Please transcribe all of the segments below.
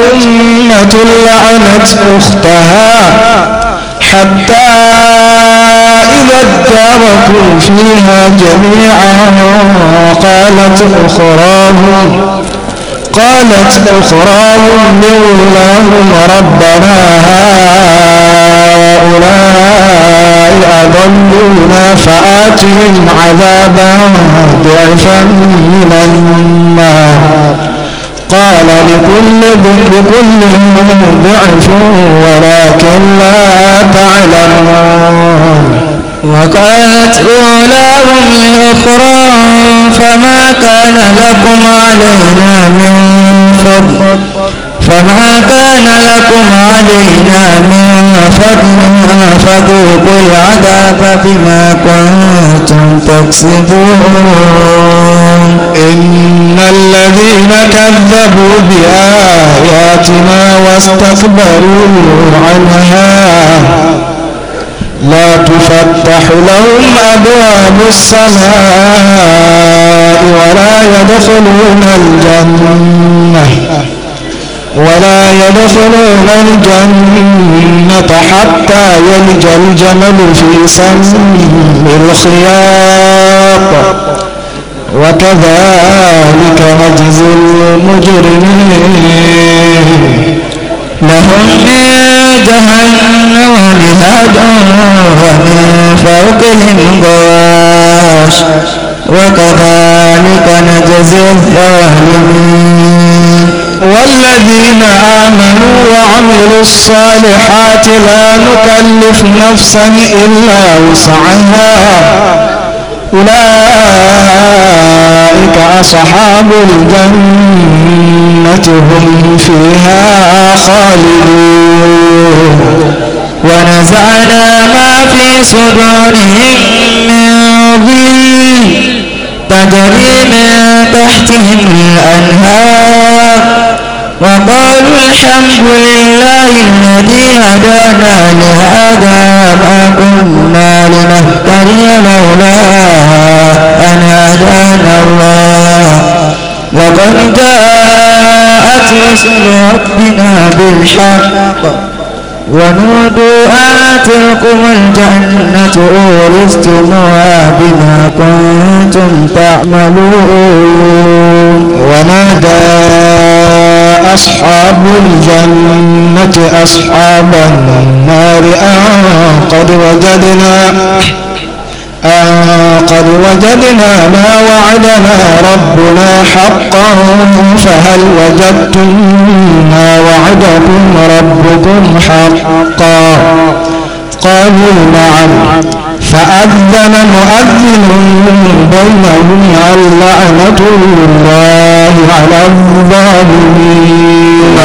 أمة لعنت أختها حتى إذا اداركوا فيها جميعا قالت أخراهم قالت أخراهم لولاهم ربنا هؤلاء أضلونا فآتهم عذابا ضعفا من النار قال لكل لكل ضعف ولكن لا تعلمون وقالت أولاهم لأخرى فما كان لكم علينا من فضل فما كان لكم علينا من فضل فذوقوا العذاب بما كنتم تكسبون إن الذين كذبوا بآياتنا واستكبروا عنها لا تفتح لهم أبواب السماء ولا يدخلون الجنة ولا يدخلون الجنة حتى يلج الجمل في سم الخياط وكذلك نجزي المجرمين لهم من جهنم مهاد ومن فوقهم غواش وكذلك نجزي الظالمين الذين آمنوا وعملوا الصالحات لا نكلف نفسا إلا وسعها أولئك أصحاب الجنة هم فيها خالدون ونزعنا ما في صدورهم من ظل تجري من تحتهم الأنهار وقالوا الحمد لله الذي هدانا لهذا وما كنا لنهتدي لولا أن هدانا الله وقد جاءت رسل ربنا بالحق ونودوا آتيكم الجنة أورثتموها بما كنتم تعملون ونادى أصحاب الجنة أصحاب النار أن آه، قد وجدنا أن آه، قد وجدنا ما وعدنا ربنا حقا فهل وجدتم ما وعدكم ربكم حقا قالوا نعم فأذن مؤذن بينهم اللعنة الله على الظالمين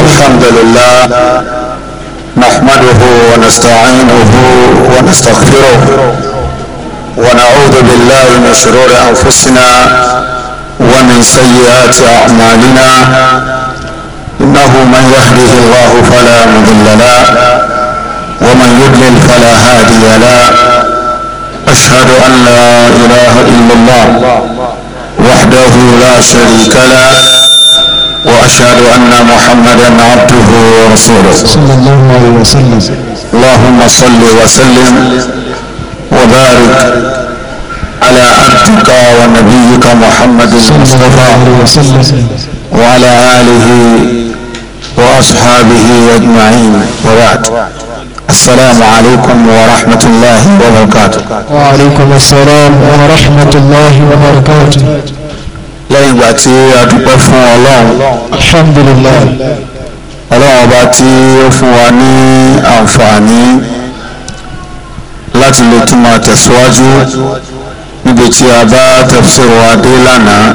الحمد لله نحمده ونستعينه ونستغفره ونعوذ بالله من شرور أنفسنا ومن سيئات أعمالنا إنه من يهده الله فلا مضل له ومن يضلل فلا هادي له أشهد أن لا إله إلا الله وحده لا شريك له وأشهد أن محمدا عبده ورسوله صلى الله عليه وسلم اللهم صل وسلم وبارك على عبدك ونبيك محمد المصطفى وعلى آله وأصحابه أجمعين وبعد السلام عليكم ورحمة الله وبركاته وعليكم السلام ورحمة الله وبركاته lẹ́yìn ìgbà tí a dúpẹ́ fún ọlọ́run alhamdulillah ọlọ́run ọba tí ó fún wa ní àǹfààní láti lè tún máa tẹ̀síwájú níbi tí a bá tafsir wa dé lánàá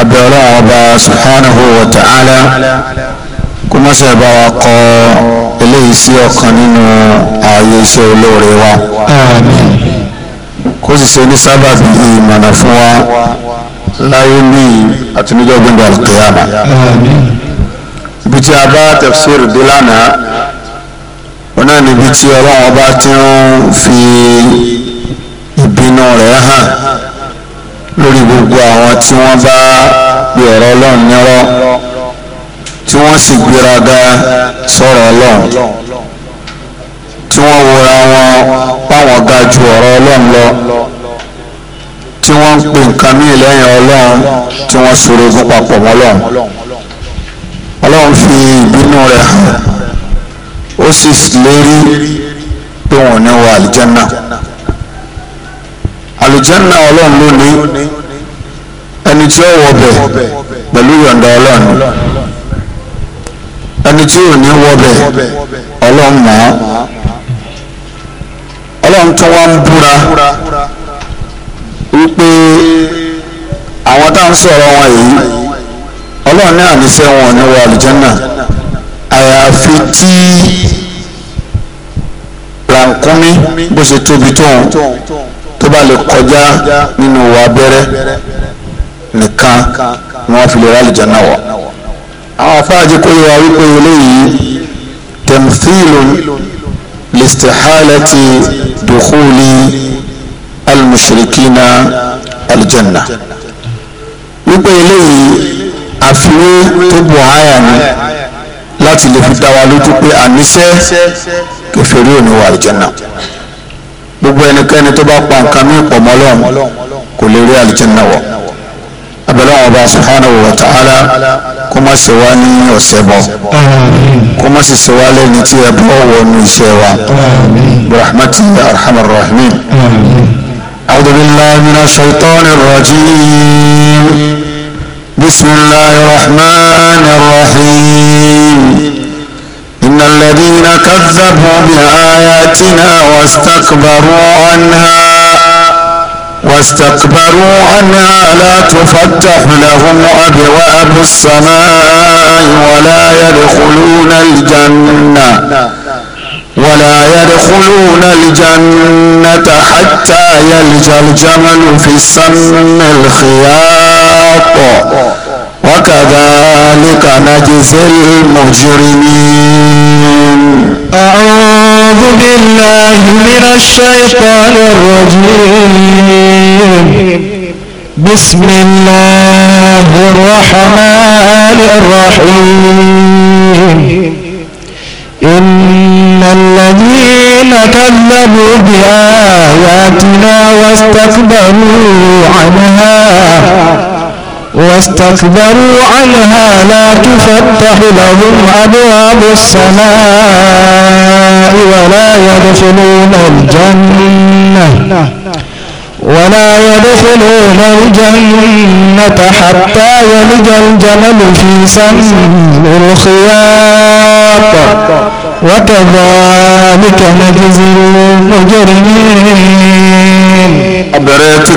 abẹ́ ọlọ́run ọba subhanahu wa ta'ala kọmọsẹ bá wa kọ eléyìí sí ọ̀kan nínú ààyè iṣẹ́ olóore wa kó sì ṣe ní sábàbí ìmọ̀nà fún wa láyé ní àti níjọ́ gbẹ̀ngàn alkiyama ibi tí a bá tafsir dé lánàá wọn náà níbi tí ọlọ́run ọba ti ń fi ìbínú rẹ̀ hàn lórí gbogbo àwọn tí wọ́n bá gbé ọ̀rọ̀ ọlọ́run nírọ́. tí wọ́n sì gbéraga sọ̀rọ̀ ọlọ́run tí wọ́n wora wọn páwọn ga ju ọ̀rọ̀ ọlọ́run lọ tí wọ́n ń pè nǹkan ní ìlẹ́yìn ọlọ́run tí wọ́n ṣorogún papọ̀ mọ́ ọlọ́run ọlọ́run fi ìbínú rẹ̀ hàn ó sì lérí pé wọ́n ní wọ àlìjẹ́nà àlìjẹ́nà ọlọ́run ló ẹni tí ó wọ bẹ̀ pẹ̀lú yọ̀ǹda ọlọ́run. ẹni tí ò ní wọbẹ̀ ọlọ́run mọ̀ ọlọ́run tó wá ń búra wípé àwọn tá à ń sọ̀rọ̀ wọn yìí ọlọ́run ní àníṣe wọn ní wọ àlùjànnà àyàfi tí rànkúnmí bó ṣe tóbi tóun tó bá lè kọjá nínú abẹ́rẹ́ nìkan ni wọ́n fi lè àwọn afáàjì kò yẹ wa wípé eléyìí tamthilun listihalati dukhuli almushrikina aljanna wípé eléyìí àfiwé tó bọ̀ àyà ni láti lè fi dá wa lójú pé àníṣe kèfèrí ò wà aljanna gbogbo ẹnikẹ́ni tó bá pa nǹkan mí pọ̀ mọ́ kò lè rí aljanna wọ̀ abẹ́lẹ́ ọba subhanahu wa ta'ala kó má ṣe wá ní ọ̀sẹ̀ bọ̀ kó má sì ṣe wá lẹ́ni tí ẹ bọ́ wọnú iṣẹ́ wa rahmatu arhamar rahimin. أعوذ بالله من الشيطان الرجيم بسم الله الرحمن الرحيم إن الذين كذبوا بآياتنا واستكبروا عنها واستكبروا عنها لا تفتح لهم أبواب السماء ولا يدخلون الجنة ولا يدخلون الجنة حتى يلج الجمل في السم الخياط وكذلك نجزي المجرمين أعوذ بالله من الشيطان الرجيم الرحيم بسم الله الرحمن الرحيم إن الذين كذبوا بآياتنا واستكبروا عنها واستكبروا عنها لا تفتح لهم أبواب السماء ولا يدخلون الجنة ولا يدخلون الجنة حتى يلج الجمل في سم الخياط وكذلك نجزي المجرمين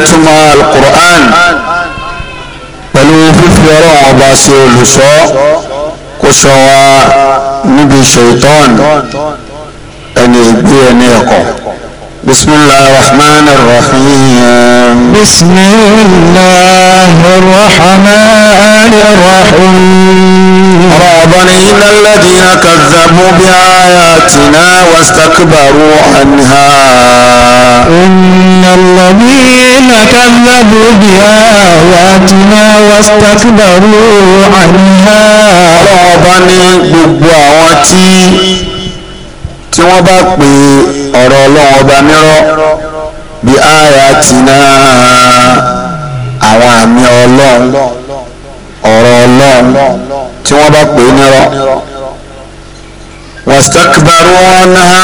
تما القرآن بلو في فراء ọba sí olùsọ́ kó sọ wa níbi ṣètọ́n بسم الله الرحمن الرحيم بسم الله الرحمن الرحيم رابنين الذين كذبوا بآياتنا واستكبروا عنها إن الذين كذبوا بآياتنا واستكبروا عنها رابنين بقوة tí wọ́n bá pe ọ̀rọ̀ ọlọ́run ọba nírọ́ bí àyà ti ná àwọn àmì ọlọ́run ọ̀rọ̀ ọlọ́run tí wọ́n bá pe nírọ́ wàsítákìbárò wọn náà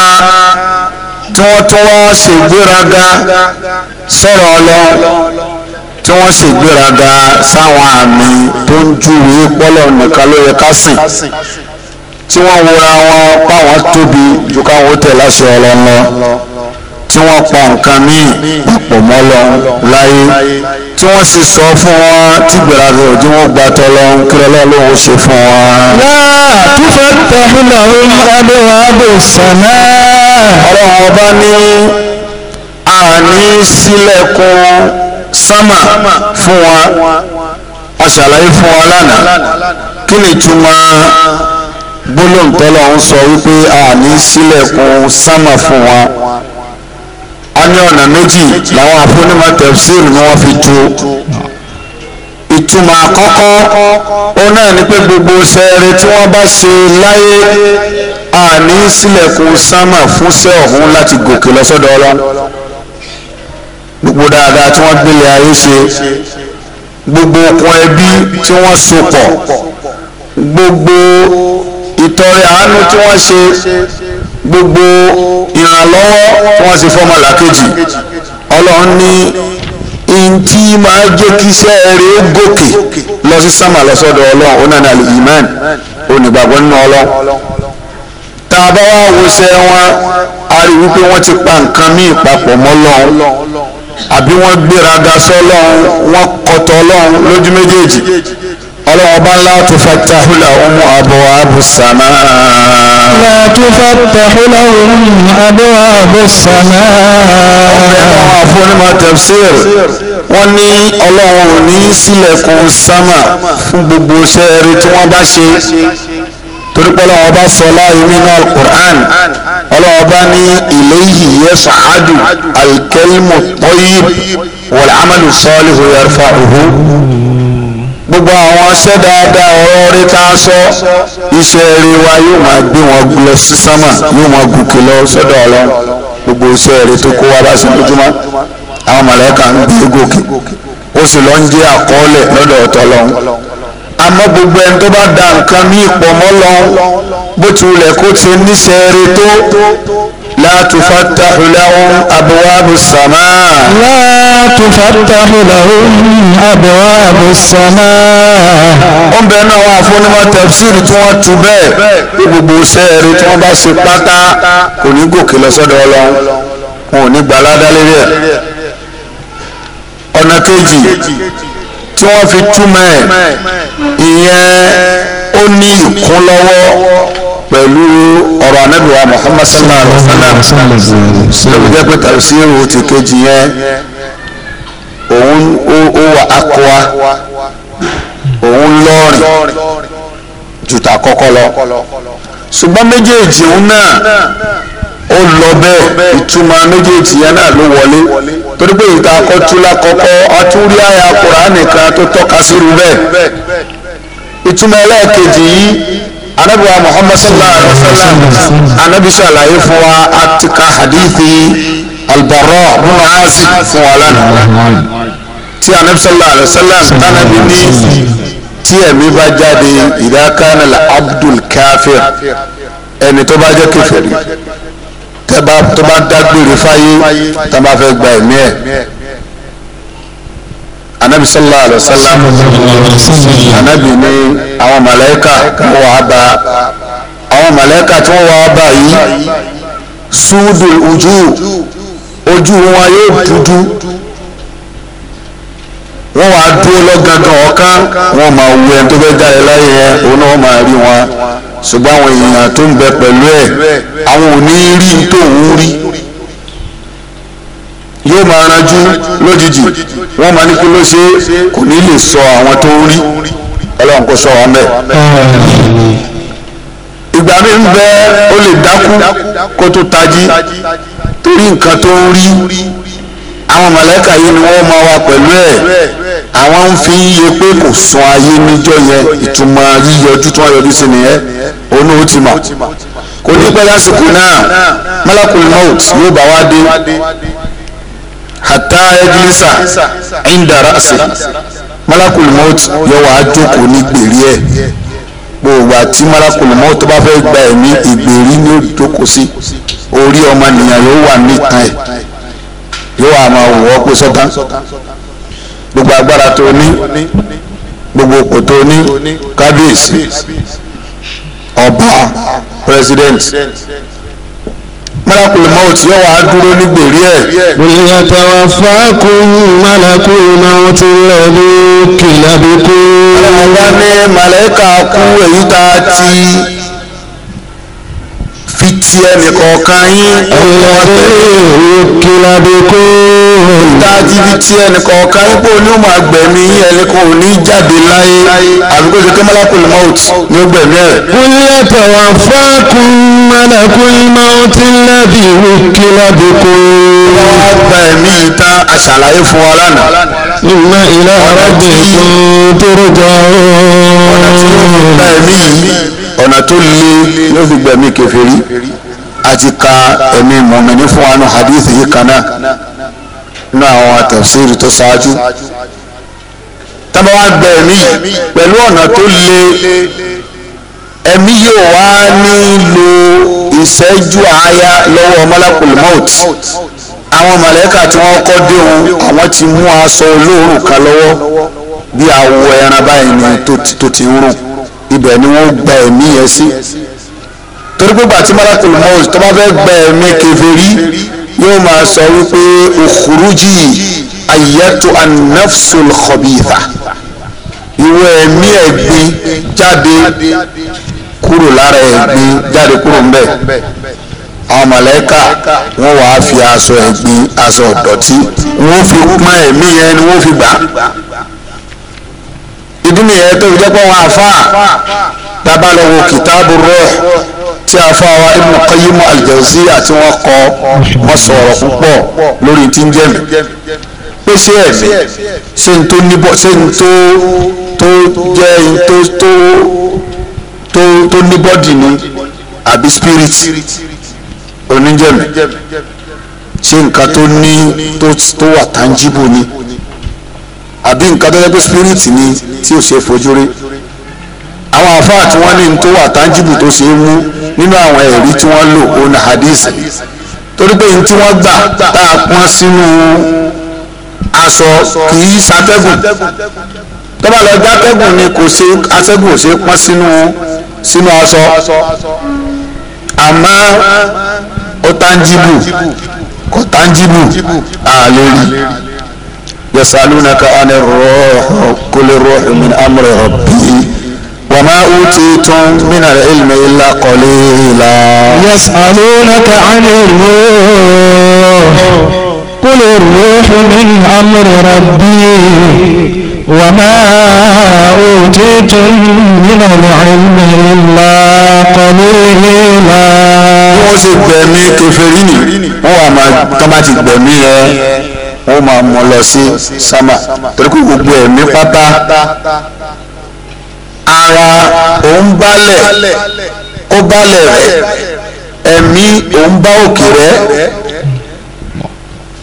tí wọ́n tún wá ṣègbéraga sọ̀rọ̀ ọlọ́run tí wọ́n sì sáwọn àmì tó ń júwèé pọ́lọ̀ nìkan ló yẹ ká sìn tí wọ́n wura wọn báwọn tóbi ju káwọn tẹ̀ láṣẹ ọlọ́nà tí wọ́n pa nǹkan míì papọ̀ mọ́ lọ láyé tí wọ́n sì sọ fún wọn tí gbèràgà òjì wọn gba tọ́lọ́ ń kí lọ́lọ́ ló ń ṣe fún wọn. yáà túfẹ́ tẹ̀húnà ń kádé wà á bò sànà. ọlọ́run ọba ní àní sílẹ̀kùn sámà fún wa a ṣàlàyé fún wa lánàá kí ni túmọ̀ gbólóhùn tọ́lọ̀ ń sọ wípé a ní sílẹ̀kùn sámà fún wa a ní ọ̀nà méjì làwọn afúnímọ̀ tafsir ni wọ́n fi tu ìtumọ̀ àkọ́kọ́ ó náà ni pé gbogbo sẹ́ẹ̀rẹ̀ tí wọ́n bá ṣe láyé a ní sílẹ̀kùn sámà fúnṣẹ́ ọ̀hún láti gòkè lọ́sọ́dọ̀ ọlọ́run gbogbo dáadáa tí wọ́n gbélé ayé ṣe gbogbo okùn ẹbí tí wọ́n so pọ̀ gbogbo ìtọrẹ àánú tí wọ́n ṣe gbogbo ìrànlọ́wọ́ tí wọ́n ṣe fọ́mọ làkejì ọlọ́run ní ntí máa jẹ́ kí iṣẹ́ rẹ̀ gòkè lọ sí sámà lọ́sọ̀dọ̀ ọlọ́run ọ̀nà ní alìyímán onígbàgbọ́ nínú ọlọ́run tá a bá wá wọṣẹ́ wọn a rí wípé wọ́n ti pa nǹkan míì papọ̀ mọ́ lọ́run àbí wọ́n gbéraga sọ́lọ́run wọ́n kọtọ́ ọlọ́run lójú méjèèjì ọlọ́wọ́ bá ńlá tó fàtà húláhùn àbọ̀ àbò sàmà. látó fàtà húláhùn àbọ̀ àbò sàmà. ọ̀rẹ́ àwọn afọ́nímọ̀ tafsir wọ́n ní ọlọ́run ò ní sílẹ̀kùn sámà fún gbogbo iṣẹ́ eré tí wọ́n bá ṣe torí pé ọlọ́wọ́ bá sọ láàyè nínú alukur'an ọlọ́wọ́ bá ní ilayhi yas'adu alkalimu tayyib wal amalu salihu yarfa'uhu gbogbo àwọn ṣẹ́ dáadáa ọ̀rọ̀ orí tá sọ iṣẹ́ eré wa yóò máa gbé wọn lọ sí sánmà yóò máa gòkè lọ sọ́dọ̀ ọlọ́run gbogbo iṣẹ́ eré tó kó wa bá sí lójúmọ́ àwọn mọ̀lẹ́kà ń gbé gòkè ó sì lọ ń jẹ́ àkọọ́lẹ̀ lọ́dọ̀ ọ̀tọ̀ ọlọ́run àmọ́ gbogbo ẹni tó bá da nǹkan ní ìpọ̀ mọ́ lọ bó ti wulẹ̀ kó ti níṣẹ́ eré tó لا تفتح لهم أبواب السماء لا تفتح لهم أبواب السماء ń bẹ náà wà fún níwọ̀n tẹ̀síìrì tí wọ́n tu bẹ́ẹ̀ gbogbo sẹ́ẹ̀rì tí wọ́n bá ṣe pátá kò ní gòkè lọ́sọ́dọ̀ ọlọ́run wọn ò ní gbà ládá ẹ̀ ọ̀nà kejì tí wọ́n fi túmọ̀ ẹ̀ ìyẹn ó ní ìkún lọ́wọ́ pẹ̀lú ọ̀rọ̀ anábìwá Muhammad sallallahu alaihi wasallam lóbi jẹ́ pé tafsiru ti kejì yẹn òun ó wà akwa òun lọ́ọ̀rìn jùtà kọ́kọ́ lọ ṣùgbọ́n méjèèjì òun náà ó lọ bẹ́ẹ̀ ìtumọ̀ méjèèjì yẹn náà ló wọlé torí pé ìta akọ́túlá kọ́kọ́ atúrí àyà Kùránì kan tó tọ́ka sírú bẹ́ẹ̀ ìtumọ̀ ẹlẹ́ẹ̀kejì yìí anabiwa muhammad sallallahu alaihi wa sallam anabi ṣàlàyé fún wa atika hadithi albaro bin azib fún wa lánàá tí anabi sallallahu alaihi wa sallam tanabi ní tí ẹ̀mí bá jáde ìdákanà la abdul kafir ẹni tó bá jẹ́ kèfèrí tó bá dágbére fáyé tó bá fẹ́ gba ẹ̀mí ẹ̀ anabi sallallahu alaihi wa sallam anabi ni àwọn màláíkà wọ́n wá bá àwọn màláíkà tí wọ́n wá bá yìí súdù ojú ojú wọn yóò dúdú wa wá dúró lọ́gangan ọ̀kan wọ́n máa wo ẹni tó fẹ́ jáde láyé yẹn òun náà máa rí wọn ṣùgbọ́n àwọn èèyàn tó ń bẹ pẹ̀lú ẹ̀ àwọn ò ní rí tó ń rí yóò máa ranjú lójijì wọ́n máa ní kí ló ṣe kò ní lè sọ àwọn tó ń rí ọlọ́run kò sọ wọn bẹ́ẹ̀. ìgbà mi ń bẹ ó lè dákú kó tó tají torí nǹkan tó ń rí àwọn mọ̀lẹ́kà yìí ni wọ́n máa wà pẹ̀lú ẹ̀ àwọn ń fi yẹ pé kò sùn ayé níjọ́ yẹn ìtumọ̀ yíyọjú tí wọ́n yọjú sí nìyẹn òun ti mọ̀ kò ní pẹ́ lásìkò náà malakul maut yóò bá wá dé hatta yajlisa inda ra'si malakul maut yóò wá jókòó ní gbèrí ẹ̀ gbogbo àti malakul maut bá fẹ́ gba ẹ̀mí ìgbèrí ní òjókòó sí orí ọmọnìyàn yóò wà níta ẹ̀ yóò wà máa wọ̀ ọ́ pé gbogbo agbára tó ní gbogbo òkò tó ní kábíyèsí ọba president. president malakul maut yóò wá dúró ní gbèrí ẹ̀. ìyàtọ̀ àfáàkùn malakul maut lẹ́nu kìlàbíkú. ọlọ́run wá ní màlẹ́kà kú èyí tá a ti fi ti ẹnì kọ̀ọ̀kan yín ọ̀pọ̀ ọ̀tẹ̀lẹ̀ dájú fi ti ẹnì kọ̀ọ̀kan yín pé oní ọmọ agbẹ̀mí yín ẹni kò ní jáde láyé àbíkó ṣe kẹ́mọ́lá kò ní mọ́ọ̀tì ní ọgbẹ̀mí ẹ̀. kúnlẹ̀ tọ̀wá fákun mọ́lẹ̀kùn mọ́ọ̀tì lẹ́bi ìwé kílábì wọ́n á gba ẹ̀mí yìí tán aṣàlàyé fún wa lánàá. ìmọ̀ ìlà àràbẹ̀ kò tó rọ̀ ọ̀nà tó le yóò fi gbẹ̀mí kèfèrí àti ka ẹ̀mí mọ̀mìnì fún wa nù hadith yìí kan náà nínú àwọn tafsiri tó ṣáájú tábà wá gbẹ ẹ̀mí yìí pẹ̀lú ọ̀nà tó le ẹ̀mí yóò wá nílò ìṣẹ́jú àáyá lọ́wọ́ malakul maut àwọn mọ̀lẹ́kà tí wọ́n kọ́ dé wọn àwọn ti mú aṣọ olóòórùn kan lọ́wọ́ bí awọ ẹran báyìí ni tó ti ń rùn ibẹ̀ ni wọ́n gba ẹ̀mí yẹn sí torí pé gbàtí malakul maus tó bá fẹ́ gba ẹ̀mí kèfèrí yóò máa sọ wípé òkúrújì ayẹ́tò anáfsùl kọ̀bìfà ìwé ẹ̀mí ẹ̀gbin jáde kúrò lára ẹ̀gbin jáde kúrò ńbẹ̀ àwọn mọ̀lẹ́kà wọ́n wàá fi aṣọ ẹ̀gbin aṣọ ọ̀dọ̀tí wọ́n fi pọ́n ẹ̀mí yẹn ni wọ́n fi gbà á ìdí nìyẹn tó fi jẹ́ pé wọn àfáà tábà lọ wo kìtàbù ruh tí àfáà wa Ibn Qayyim al-Jawziyya àti wọn kọ wọn sọ̀rọ̀ púpọ̀ lórí tí ń jẹ́mi pé ṣé ẹ̀mí ṣé n tó níbọ̀ ṣé n tó tó jẹ́ n tó tó tó tó níbọ̀dì ni àbí spirit oníjẹ̀mí ṣé nǹkan tó ní tó wà tangible ni. àbí nǹkan tó yẹ pé spirit ni tí ò ṣe fojú rí àwọn àfáà tí wọ́n ní ní tó wà tangible tó ṣe é mú nínú àwọn ẹ̀rí tí wọ́n lò ó na hadith torí pé ní tí wọ́n gbà tá a pọ́n sínú aṣọ kì í ṣàtẹ́gùn tó bá ni kò ṣe ò ṣe pọ́n sínú sínú aṣọ àmọ́ ó tangible kò tangible يسألونك عن الروح كل روح من أمر ربي وما أوتيتم من العلم إلا قليلا يسألونك عن الروح قل الروح من أمر ربي وما أوتيتم من العلم إلا قليلا wọ́n sì gbẹ̀mí kẹfẹ́rì ni wọ́n wà wọ́n máa mú lọ sí sámà torí kò gbogbo ẹ̀mí pátá ara òun balẹ̀ ó balẹ̀ rẹ̀ ẹ̀mí òun bá òkè rẹ̀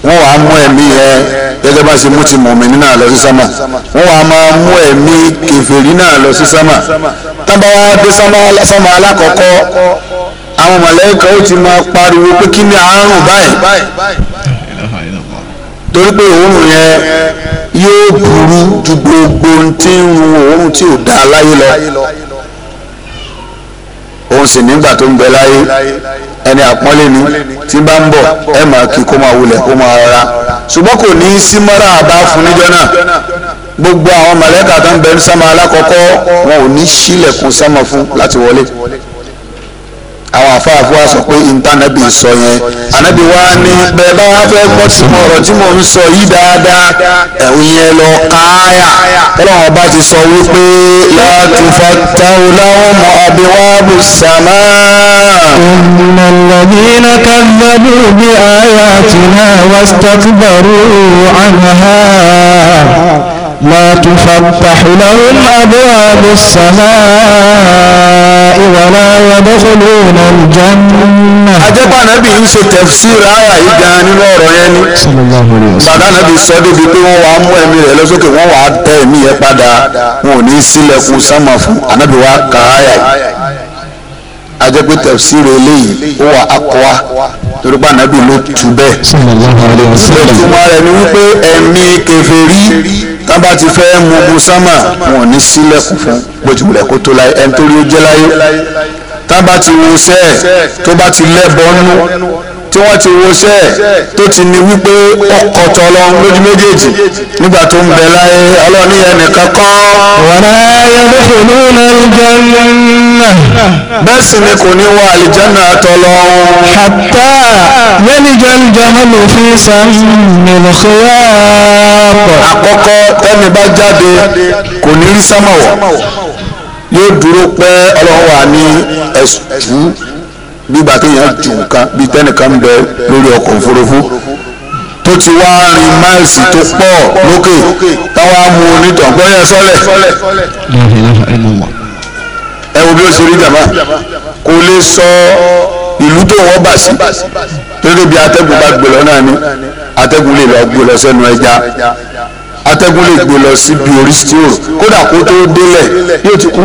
wọ́n wàá mú ẹ̀mí yẹn gẹ́gẹ́ bá ṣe mú ti mùmínì náà lọ sí sámà wọ́n wàá máa mú ẹ̀mí kèfèrí náà lọ sí sámà tábà wá dé sámà alákọ̀ọ́kọ́ àwọn mọ̀lẹ́kọ̀ọ́ ti máa pariwo pé kí ni àárùn báyìí torí pé òórùn yẹn yóò burú ju gbogbo tí ń run òórùn tí ò dáa láyé lọ òun sì nígbà tó ń bẹ láyé ẹni àpọ́nlé ni tí bá ń bọ̀ ẹ máa kí kó máa wulẹ̀ kó máa rọra ṣùgbọ́n kò ní í sí mọ́ra àbá fún níjọ́ náà gbogbo àwọn mọ̀lẹ́kà tó ń bẹ ní sámà alákọ̀ọ́kọ́ wọn ò ní sílẹ̀kùn sámà fún láti wọlé àwọn afáàfó wa sọ pé intanẹ́ẹ̀tì sọ yẹn anabi wa ni bẹ́ẹ̀ bá wá fẹ́ gbọ́ tí mo ọ̀rọ̀ tí mo ń sọ yìí dáadáa ẹ̀hún yẹn lọ káyà ọlọ́run ọba ti sọ wípé látúfà táwọn láwọn mọ abiwábù sàmá. ọ̀nà lọ́dínà kábàbù bí àyà tìǹà wàsítàkùbàrù àmàhà. لا تفتح لهم أبواب السماء ولا يدخلون الجنة ajẹ́pà nàbì ń ṣe tẹ̀síra àyà yìí gan nínú ọ̀rọ̀ yẹn ni bàdá nàbì sọ débi pé wọ́n wàá mú ẹ̀mí rẹ̀ lọ́sọ́kè wọ́n wàá tẹ ẹ̀mí yẹn padà wọn ò ní sílẹ̀kùn sámà fún ànábì wàá kà áyà yìí ajẹ́pẹ́ tẹ̀síra eléyìí ó wà ákọ́wá torí pé ànábì ló tu bẹ́ẹ̀ lọ́tùmọ̀ rẹ̀ ni wípé ẹ̀mí kèfèrí tá bá ti fẹ́ mugu sámà wọn ní sílẹ̀kùn fún gbẹ̀jùmọ̀lẹ̀ kó tó láyé ẹni tó rí ó jẹ́ láyé tá ti wo sẹ́ẹ̀ tó bá ti lẹ́bọ̀ọ́nú tí wọ́n ti wo sẹ́ tó ti ní wípé ọkọ̀ tọ́ lọ lójú méjèèjì nígbà tó ń bẹ láyé ọlọ́ọ̀ni ẹnìkan kọ́. wàrà ayọ̀dẹ̀ kò ní aljanna. bẹ́ẹ̀ sì ni kò ní wọ aljanna tọ́ lọ. hatta yalija aljamalu fi sammil khiyat. àkọ́kọ́ tẹ́mi bá jáde kò ní rí sámà yóò dúró pẹ́ ọlọ́wà ní ẹ̀sùn nígbà téèyàn ju nǹkan bíi tẹnìkan ń bẹ lórí ọkọ̀ òfurufú tó ti wá rin máìsì tó pọ̀ lókè táwa mú onítàn gbọ́yẹ sọ́lẹ̀ ẹ wo bí ó ṣe rí jàmbá kò lè sọ ìlú tó wọ́n bà sí torí bí atẹ́gùn bá gbé lọ náà ni atẹ́gùn lè lọ gbé lọ sẹ́nu ẹja atẹ́gùn lè gbé lọ síbi orí tí kódà kó tó délẹ̀ yóò ti kú.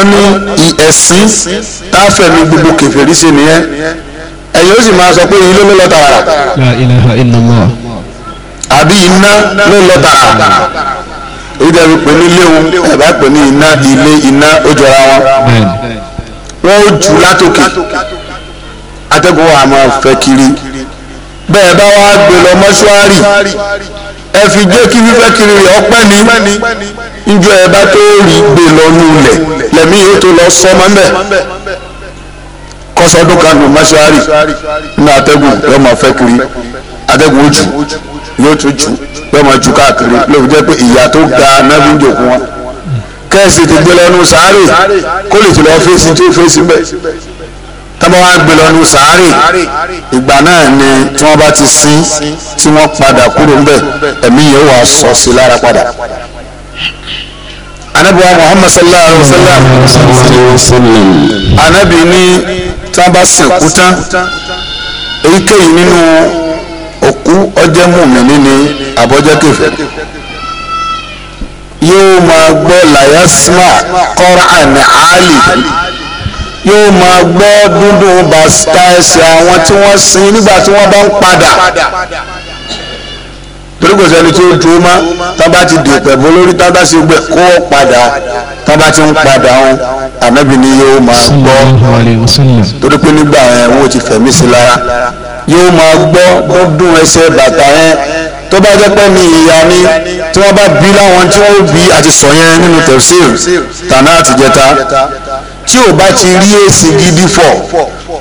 ọlọ́run ní ẹ̀sìn táfẹ̀mí gbogbo kèfèrí sí nìyẹn ẹ̀yin ó sì máa sọ pé ilé ló lọ tààrà àbí iná ló lọ tààrà ìdá ẹ̀rù pé ní léwu ẹ̀bá pè ní iná ilé iná ó jọra wọn wọn ó jù látòkè atẹ́gùn wa máa fẹ́ kiri bẹ́ẹ̀ bá wá gbé lọ mọ́ṣúárì. ẹ fi gbé kí fífẹ́ kiri rẹ̀ ọpẹ́ ni njọ ẹ bá tó rí gbé lọ́nu lẹ̀ lẹ́mí yóò tó lọ sọ mọ́ mẹ́ kọ́sọ́dún kan nù mọ́ṣúárì nínú atẹ́gùn yóò máa fẹ́ kiri atẹ́gùn ojú yóò tún jù yóò máa jù káàkiri lóòótọ́ jẹ́ pé ìyá tó ga anábì ń jòkun wọn kẹ́sì ti gbé lọ́nu sáré kó lè ti lọ́ọ́ fèsì tó fèsì bẹ́ẹ̀ tábà wá gbé lọ ní sàárè ìgbà náà ni tí wọ́n bá ti sin tí wọ́n padà kúrò ńbẹ̀ ẹ̀mí yẹn wà sọ sí lára padà anabi wa muhammad sallallahu alaihi wa sallam anabi ni tí wọ́n bá sìnkú tán èyíkéyìí nínú òkú ọjẹ́ mùmíní ni àbọ̀jẹ́ kẹfẹ́ yóò máa gbọ́ làyásímà kọ́ra àmì àálì yóò máa gbọ́ dúndùn bàtà ẹsẹ̀ àwọn tí wọ́n sin nígbà tí wọ́n bá ń padà torí kò sẹ́ni tí ó dúró má tábà ti dè pẹ̀bú lórí tábà sí gbẹ kó o padà tábà ti ń padà wọn ànábì ni yóò máa gbọ́ torí pé nígbà yẹn wọn ò ti fẹ̀mí sí lára yóò máa gbọ́ dúndùn ẹsẹ̀ bàtà yẹn tó bá jẹ́ pé ní ìyá ni tí wọ́n bá bí láwọn tí wọ́n bí àti sọ yẹn nínú tẹ̀síìr tànà àtijẹ́ta tí ò bá ti rí èsì gidi fọ̀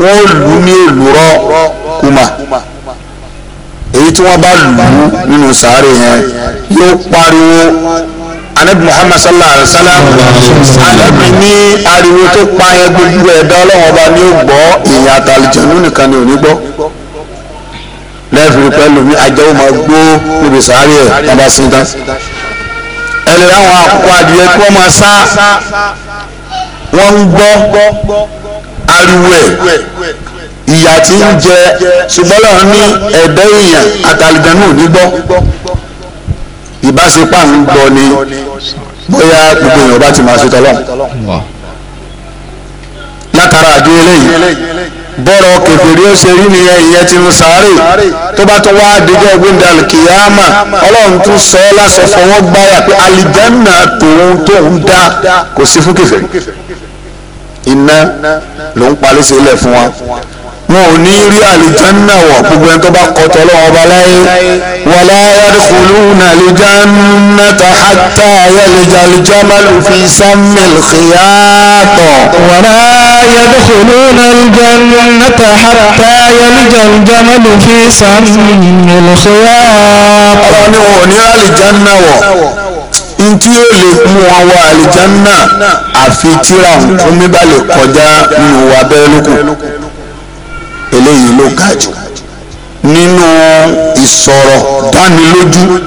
wọ́n lù ní èlùrọ́ kùmà èyí tí wọ́n bá lù ú nínú sàárè yẹn yóò pariwo anabi muhammad sallallahu alaihi wa sallam anabi ní ariwo tó pa yẹn gbogbo ẹ̀dá ọlọ́wọ́n ọba ní gbọ́ èyí àtàlìjẹ̀nu nìkan ni ò ní gbọ́ lẹ́ẹ̀fì pẹ̀lú mi àjẹwò máa gbó níbi sàárè ẹ̀ nígbà sí tán ẹ lè ráwọn àkókò adìyẹ kí wọ́n máa sá wọ́n ń gbọ́ ariwo ẹ̀ tí ń jẹ ṣùgbọ́n lọ́wọ́ ní ẹ̀dẹ́ èèyàn ìbáṣepọ̀ ń gbọ́ ni bóyá gbogbo èèyàn bá ti máa ṣe tọ́lọ́ látara eléyìí bọ́rọ̀ ó ṣe rí nìyẹn ìyẹn iná ló ń palẹ́ sílẹ̀ fún wa wọn ò ní rí àlìjánná wọ̀ gbogbo ẹni tó bá kọtọ lọ́wọ́ ọba láyé wọn láyé kùlù nà àlìjánná ta àtà ayélujára àlìjámàlù fi sàmìlì kìyàtọ̀. wọn láyé kùlù nà àlìjánná ta àtà ayélujára àlìjámàlù fi sàmìlì kìyàtọ̀. ọlọ́ni wọn ò ní rí àlìjánná wọ̀ ntí ó lè mú wọn wọ àlìjánná àfi tíra omi bá lè kọjá nínú wa bẹ́ẹ̀ lóko eléyìí ló ga jù nínú ìsọ̀rọ̀ dánilójú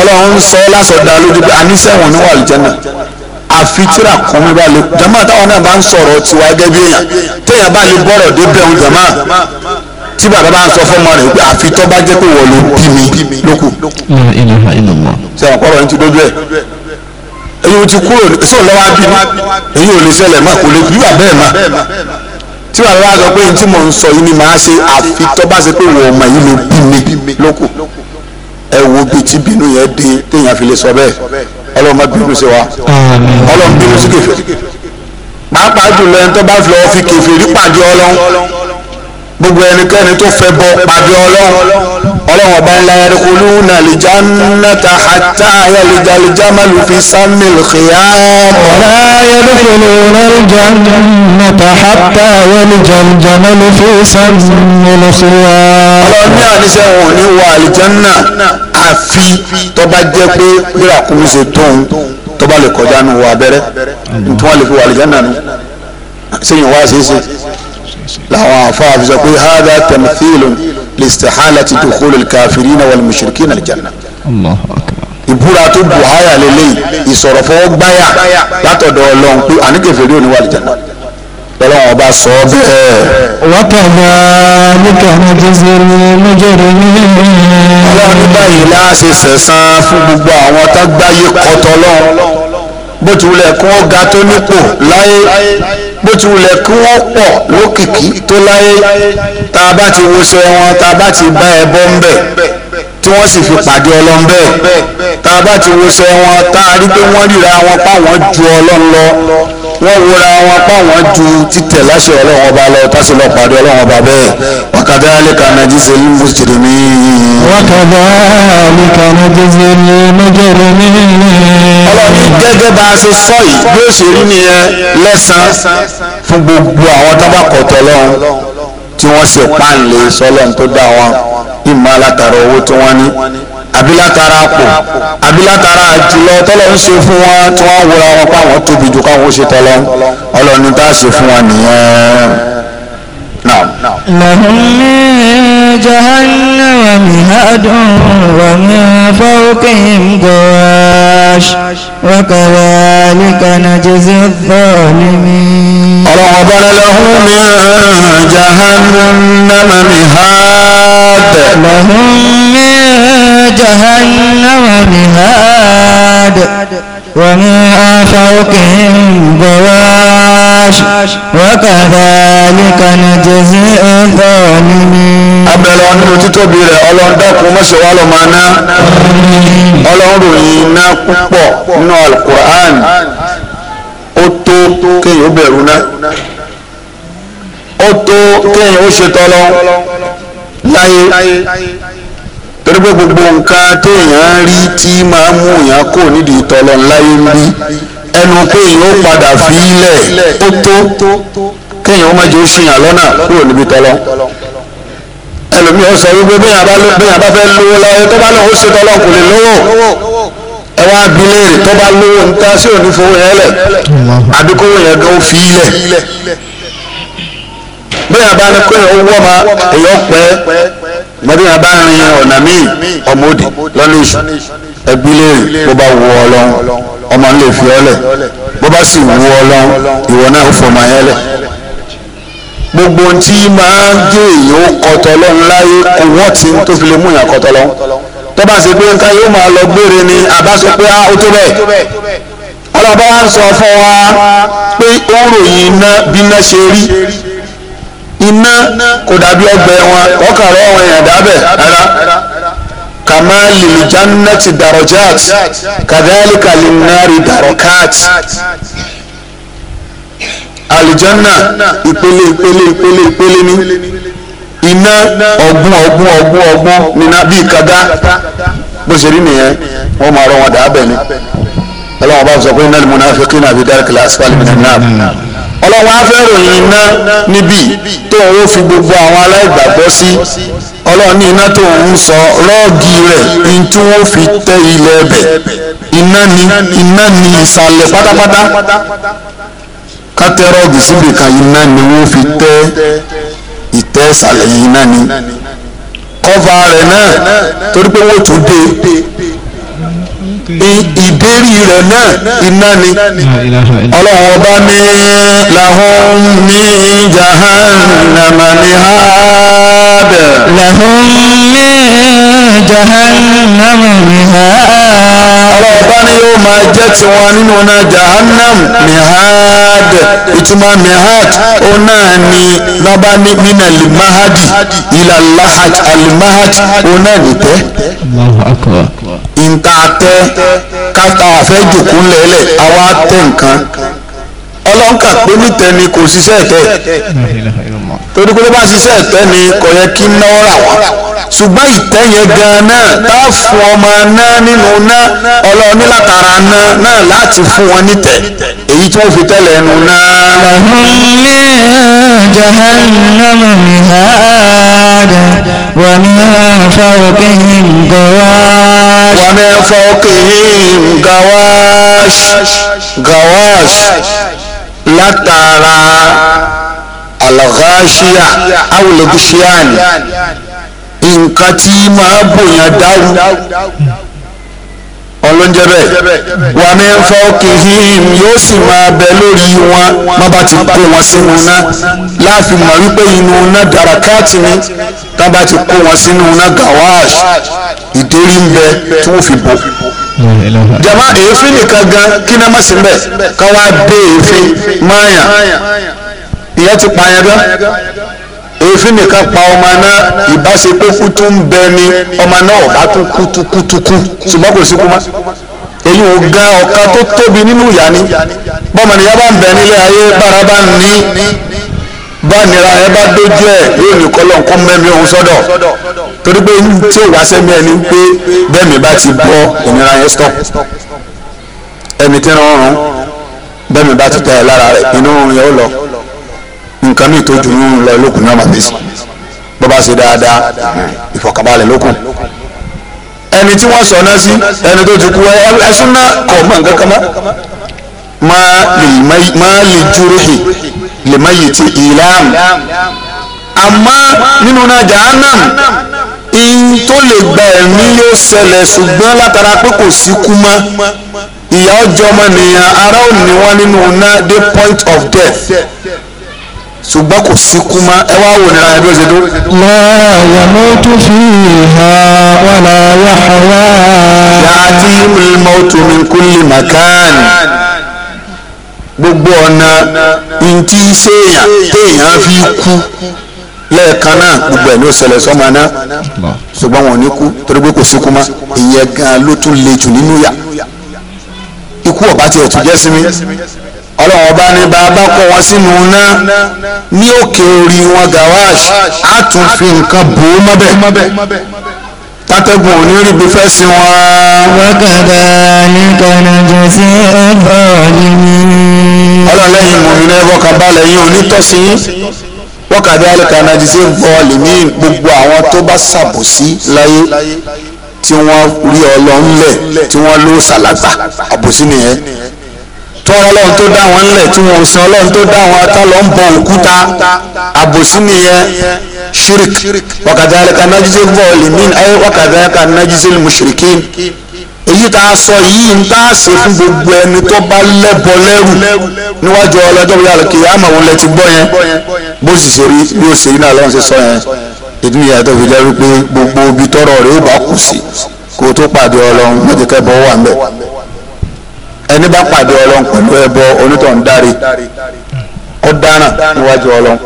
ọlọ́run sọ lásọ̀dá lójú pé anísẹ̀wọ̀n ní wà àlìjánná àfi tíra kan mi bá lè jama táwọn náà bá ń sọ̀rọ̀ tiwa gẹ́gẹ́ bí èèyàn téèyàn bá lè bọ̀rọ̀ débẹ̀ òun jama tí bàbá bá ń sọ fún ọmọ rẹ̀ pé àfi tó bá jẹ́ pé wọ́n ló bí mi lókù. sẹ́wọ̀n kọ́rọ̀ ní ti dójú ẹ̀ èyí ò ti kúrò sí òun lọ́wọ́ bínú èyí ò lè ṣẹlẹ̀ má kò lè bí bàbá ẹ̀ má tí bàbá bá sọ pé n tí mò ń sọ yìí ni màá ṣe àfi tó bá ṣe pé wọ́n ọmọ yìí ló bí mi lókù ẹ wo bí tí bínú yẹn dé téèyàn fi lè sọ bẹ́ẹ̀ ọlọ́run má bínú sí wa ọlọ́run bínú sí kẹfẹ́ pàápàá jùlọ ẹni tó bá fi lọ́wọ́ fi kẹfẹ́ rí pàdé ọlọ́run gbogbo ẹnikẹ́ni tó fẹ́ bọ pàdé ọlọ́run ọlọ́run ọba ńlá yadkhuluna aljannata hatta yalija aljamalu fi sammi alkhiyam. la yadkhuluna aljannata hatta yalija aljamalu fi sammi alkhiyam. ọlọ́run ní àníṣe wọn ní wọ àlìjánná àfi tó jẹ́ pé bíra kúrú ṣe tóun tó lè kọjá nù wọ abẹ́rẹ́ nítorí wọn lè fi wọ àlìjánná nù sẹ́yìn wá ṣeéṣe làwọn àfáà fi sọ pé hada tamthilun listihalati dukhulil kafirina wal mushrikina aljanna. Allahu akbar ìbúra tó bu àyà lélẹ́yìn ìsọ̀rọ̀ fọwọ́ gbáyà látọ̀dọ̀ ọlọ́run pé àníkèfèrè ò ní wà lìjànà lọ́lọ́run ọba sọ ọ́ bẹ́ẹ̀. wákàtà níkà mọ́tẹ́sẹ̀ mọ́jọ́rẹ́ nílẹ̀. ọlọ́run báyìí láà ṣe fún gbogbo àwọn tágbáyé kọ́tọ́ lọ́run bó ti wulẹ̀ kí wọ́n ga tó nípò láyé bó ti wulẹ̀ kí wọ́n pọ̀ lókìkí tó láyé tá a bá ti wọṣẹ wọn tá a bá ti bá ẹbọ ń bẹ̀ tí wọ́n sì fi pàdé ọlọ́run tá a bá ti wọṣẹ wọn tá a rí pé wọ́n ríra wọn pa wọ́n ju ọlọ́run wọ́n wúra wọn páwọn ju títẹ̀ láṣẹ ọlọ́run ọba lọ tásì lọ pàdé ọlọ́run ọba bẹ́ẹ̀ wákàtí alẹ́ka nàjíṣe lùmùsìrì mi. wákàtí alẹ́ka nàjíṣe lùmùsìrì mi. ọlọ́ni gẹ́gẹ́ bá a ṣe sọ yìí bí ó ṣe rí nìyẹn lẹ́sàn-án fún gbogbo àwọn tábàkọ̀tọ̀ ọlọ́run tí wọ́n ṣe páàlì sọ́lọ́run tó dá wọn ìmọ̀ alátàrà owó tí wọ́n ní abilatara pò abilatara àjùlọ tọ́lọ̀ ń ṣe fún wọn tí wọ́n wúra wọn pa tóbi jù káwọn ṣe tọ́lọ́ ọlọ́ni tá a ṣe fún wọn nìyẹn. لهم من جهنم مهاد ومن فوقهم غواش وكذلك نجزي الظالمين رغبنا لهم من جهنم مهاد لهم جهنم مهاد ومن فوقهم غواش وكذلك نجزي الظالمين abẹ́lẹ̀ wọn nínú títóbi rẹ̀ ọlọ́run dákun mọ́sẹ̀ wà lọ́mọ aná ọlọ́run ròyìn iná púpọ̀ nínú alukur'an ó tó kéèyàn ó bẹ̀rù ná ó tó kéèyàn ó ṣe tọ́lọ́ láyé torí pé gbogbo nǹkan téèyàn rí tí máa mú èèyàn kò nídìí tọ́lọ̀ ńláyé ń bí ẹnu kéèyàn ó padà fi ilẹ̀ ó tó kéèyàn ó má jẹ́ ó ṣìyàn lọ́nà kúrò níbi tọ́lọ̀ ẹlòmíì ó sọ wípé bẹ́ẹ̀ bá fẹ́ lówó láyé tó bá lọ́wọ́ ṣe tọ́lọ̀ kò lè lówó ẹ wá abilé tó bá lówó níta sí òní fowó yẹn lẹ̀ àbíkówó yẹn gan ó bẹ́ẹ̀ bá ní kéèyàn ó wọ́ ma èèyàn pẹ́ mọ́tò yẹn bá rin ọ̀nà míì ọmọ òdì lọ́nà èṣù ẹbí léèrè bó bá wù ọ lọ́n ọmọ ń lè fi ọ lẹ̀ bó bá sì wù ọ lọ́n ìwọ náà fọmọ yẹn lẹ̀ gbogbo ohun tí máa ń gé èèyàn kọtọ lọ́n láyé kò wọ́n ti tó fi lè mú yàn kọtọ lọ́n tó ṣe pé nǹkan yóò máa lọ gbére ni àbá sọ pé ah, ó tó bẹ́ẹ̀ ọlọ́ba wa ń sọ fún wa pé ó ròyìn iná bí iná ṣe rí iná kò dàbí ọgbẹ wọn ọkàrọ àwọn èèyàn dábẹ rárá kàmá lil jannati darajat kadhalika lin nari darakat alijanna ìpele ìpele ìpele ìpele ní iná ọgbọ́n ọgbọ́n ọgbọ́n ọgbọ́n nínú bíi kàdá bó ṣe rí nìyẹn wọ́n máa rọ wọn dàbẹ ni Ọlọ́run bá sọ pé innal munafiqina fi darkil asfali minan nar ọlọ́run á fẹ́ ròyìn iná níbí tó ń fi gbogbo àwọn aláìgbàgbọ́ sí ọlọ́run ní iná tó ń sọ rọ́ọ̀gì rẹ̀ ní tí wọ́n fi tẹ́ ilẹ̀ ẹbẹ̀ iná ni iná ni ìsàlẹ̀ pátápátá kátẹ́rọ́ọ̀gì síbi kan iná ni wọ́n fi tẹ́ ìtẹ́ ìsàlẹ̀ iná ni kọ́fà rẹ̀ náà torí pé wọ́n tún dé ìbéèrè rẹ̀ náà iná ni ọlọ́run ọba ní lahum min jahannama mihad. lahum min jahannama mihad. ọlọ́run ọba ní yóò máa jẹ́ tiwọn nínú náà jahannam mihad mihad ìtumọ̀ mihad ó náà ni lọ́ba ní minal mahadi ilà lahad alimahad ó náà ní tẹ́. nta tẹ́ káta àfẹ́jùkú lẹ́lẹ̀ àwa tẹ̀ nǹkan ọlọ́nkà pé nítẹ̀ ni kò ṣiṣẹ́ ẹ̀tẹ́ torí pé ló bá ṣiṣẹ́ ẹ̀tẹ́ ni kò yẹ kí náwó rà wá ṣùgbọ́n ìtẹ́ yẹn gan náà tá a fún ọmọ náà nínú náà ọlọ́ọ̀ni látara náà náà láti fún wọn nítẹ̀ èyí tí wọ́n fi tẹ́lẹ̀ ẹnu náà. لهم من جهنم مهاد ومن فوقهم غواش ومن فوقهم غواش غواش látara alghashia awolobushiani nǹkan tí máa bòyàn dárú ọlọ́njẹ́ bẹ́ẹ̀ wà mí ń fọ́ kìhìn yóò sì máa bẹ lórí wọn má bá ti kó wọn sínú iná láàfin mọ̀ wípé inú iná dàrákàtì ni tá bá ti kó wọn sínú iná gàwáàsì ìdérí ń bẹ tí wọ́n fi bò. jama èéfín nìkan gan kí náà má sí bẹ́ẹ̀ káwá bẹ́ẹ̀ èéfín máyà ìyẹn ti pààyàn gan èéfín nìkan pa ọmọ náà ìbáṣepọ̀ kútú ń bẹ ni ọmọ náà ọ̀bá tún kútukútukú ṣùgbọ́n kò sí kú mọ́ èyí ò ga ọ̀kan tó tóbi nínú ìyá ni bọ́mọ nìyá bá ń bẹ nílé ayé bára bá ń ní bá nira ẹ bá dójú ẹ yóò ní kọlọ́n kó mẹ́mi òun sọ́dọ̀ torí pé tí ò wá sẹ́mi ẹni pé bẹ́ẹ̀ bá ti bọ́ ìnira yẹn stop ẹni tí ń rọrùn bẹ́ẹ̀ mi bá ti tẹ̀ lára rẹ̀ inú yẹn ó lọ nǹkan mi ìtọ́jú ń lọ lókun ní ọmọdésì bó bá ṣe dáadáa ìfọ̀kànbalẹ̀ lókun ẹni tí wọ́n sọ náà sí ẹni tó ti kú ẹsùn náà kọ̀ mọ́ nǹkan kan mọ́ máa lè júròhì lè má yìí ti ìlàmù àmọ́ nínú náà jahannam ihun tó lè gba ẹ̀mí yóò ṣẹlẹ̀ ṣùgbọ́n látara pé kò sí kú mọ́ ìyà ọjọ́ ọmọnìyàn ará òní wọn nínú náà dé point of death ṣùgbọ́n kò sí kú mọ́ ẹ wá wò nira ẹbí òṣèlú. láyà mú tún fi hà wàlà yàhàwá. yàtí mọ́tò mi kú lè màkàn gbogbo ọ̀nà ntí sèèyàn téèyàn fi kú lẹ́ẹ̀kan náà gbogbo ẹ̀ ní òṣèlè sọ́mọ náà ṣùgbọ́n wọn ò ní kú torí pé kò sí kú mọ́ ìyẹn gan ló tún le jù nínú yà ikú ọ̀bá tiẹ̀ tún jẹ́ sí mi ọlọ́run ọba ní bàbá kó wọn sínú iná ní òkè orí wọn gàwáàsì á tún fi nǹkan bò ó mọ́bẹ̀ tátẹ́gùn ò ní rí bí fẹ́ sí wọn. wákàtà nípa nàìjíríà sí ọba ọ̀dí mi. ọlọ́lẹ́yìn mòmìnira ẹ̀fọ́ kan balẹ̀ yín onítọ́sí wákàtà àlùkà nàìjíríà sí bọ́ọ̀lì ní gbogbo àwọn tó bá ṣàbòsí láyé tí wọ́n rí ọlọ́ńlẹ̀ tí wọ́n ló ṣàlàgbà àbòsí nìyẹn tọ́rọ ọlọ́run tó dá wọn ńlẹ̀ tí wọn ò sin ọlọ́run tó dá wọn atálọ́ ń bọ òkúta àbòsí nìyẹn shirik wakadhalika najzil zalimin ay wakadhalika najzil mushrikin èyí tá a sọ yìí ń tá a ṣe fún gbogbo ẹni tó bá lẹ́bọ lẹ́rù níwájú ọlọ́jọ́ bóyá kìí àmọ̀ òun lẹ ti gbọ́ yẹn bó sì ṣe rí bí ó ṣe rí náà lọ́run ṣe sọ yẹn ìdí nìyà tó fi jẹ́ wípé gbogbo ibi tọ́rọ̀ rẹ̀ ó bá kù sí kó tó pàdé ọlọ́run lọ́jọ́ kẹ́bọ̀ wà ń bẹ̀ ẹni bá pàdé ọlọ́run pẹ̀lú ẹbọ onítọ̀hún dáre ó dáràn níwájú ọlọ́run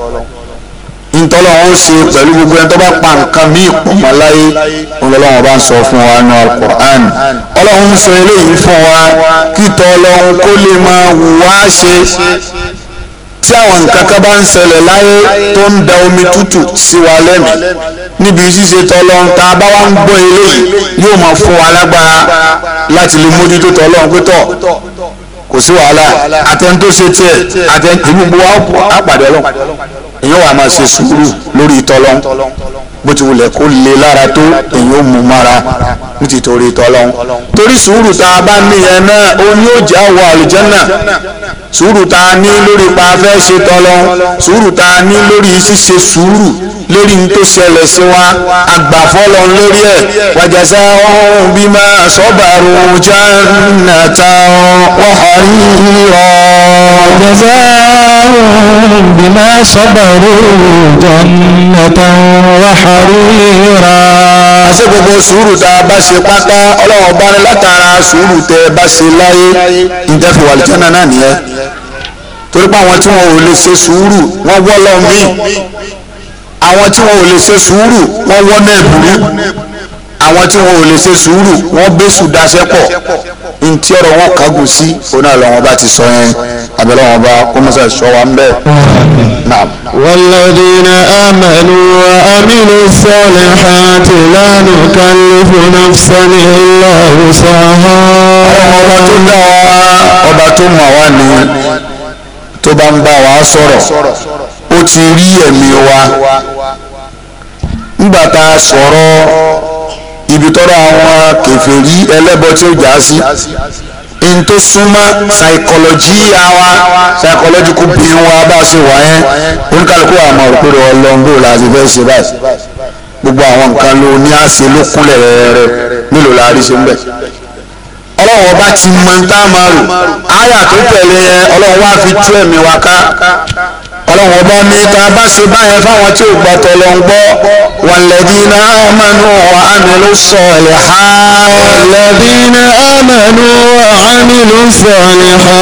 ntọ́lọ́ wọn ṣe pẹ̀lú gbogbo ẹni tó bá pa nǹkan míì pọ̀ mọ́ láyé ọlọ́run bá ń sọ fún wa ní alukur'an ọlọ́run ń sọ eléyìí fún wa kítọ́ ọlọ́run kó lè máa wá ṣe tí àwọn nǹkan kan bá ń ṣẹlẹ̀ láyé tó ń da omi tútù sí wa lẹ́nu níbi ṣíṣe tọlọ́n tá a bá wá ń gbọ́ eléyìí yóò máa fún wa lágbára láti lè mójútó tọlọ́n pétọ́ kò sí wàhálà àtẹ̀ntó ṣe tiẹ̀ àtẹ̀ntó gbogbo wa àpàdé ọlọ́n èyàn wà máa ṣe sùúrù lórí tọlọ́n bó ti wulẹ̀ kó le lára tó èyàn ó mú mara nítorí tọlọ́n torí sùúrù tá a bá ní yẹn náà ó ní ó jẹ́ àwọ̀ àlùjànnà sùúrù tá a ní lórí pa afẹ́ ṣe tọlọ́n sùúrù tá a ní lórí ṣíṣe sùúrù lórí ní tó ṣẹlẹ̀ sí wa agbàfọ́lọ́ lórí ẹ̀ wàjàsá ọ̀hún bí máa sọ́bàrò jannata wàhárírọ̀. wàjàsá ọ̀hún bí máa sọ́bàrò jannata wàhárírọ̀. àṣẹ gbogbo sùúrù tá a bá ṣe pátá ọlọ́wọ́n bá ní látara sùúrù tẹ bá ṣe láyé ìjẹ́fẹ̀ wàlìjánà náà nìyẹn torí pé àwọn tí wọn ò lè ṣe sùúrù wọn wọ́ lọ́mí àwọn tí wọn ò lè ṣe sùúrù wọn wọnà ẹ̀bùrú àwọn tí wọn ò lè ṣe sùúrù wọn bẹ́sù daṣẹ́ pọ̀ ntí ọ̀rọ̀ wọn kagùn sí oní àlọ́ wọn bá ti sọ yẹn abẹ́lẹ́ wọn bá kọ́mọ́sá sọ wa ń bẹ̀. wàlladìní amẹ́nu wa aminu sọ́ọ̀lì hàtì lánàá kálífù náà sani ilá ìwòsàn. ọba tó dá ó ti rí ẹ̀mí wa nígbà tá a sọ̀rọ̀ ibi tọ́rọ àwọn kèfèrí ẹlẹ́bọ tí ó jà sí n tó súnmọ́ psychology àwa psychological being wa bá a ṣe wà yẹn oníkálukú àmọ́ òpèrè ọlọ́ngbò láti fẹ́ ṣe báyìí gbogbo àwọn nǹkan ló ní àṣẹ ló kúnlẹ̀ rẹ̀ mélòó la rí ṣe ń bẹ̀ ọlọ́wọ́ bá ti mọ tá a máa rò áyà tó tẹ̀lé yẹn ọlọ́wọ́ wá fi tú ẹ̀mí wa ká ọmọ mi tá a bá ṣe báyẹn fáwọn tí ò gbà tọ̀lọ̀ ń gbọ́ wàlẹ́dínà àmánú wa àmìlú sọ̀lẹ̀ ha. wàlẹ́dínà àmánú wa àmìlú sọ̀lẹ̀ ha.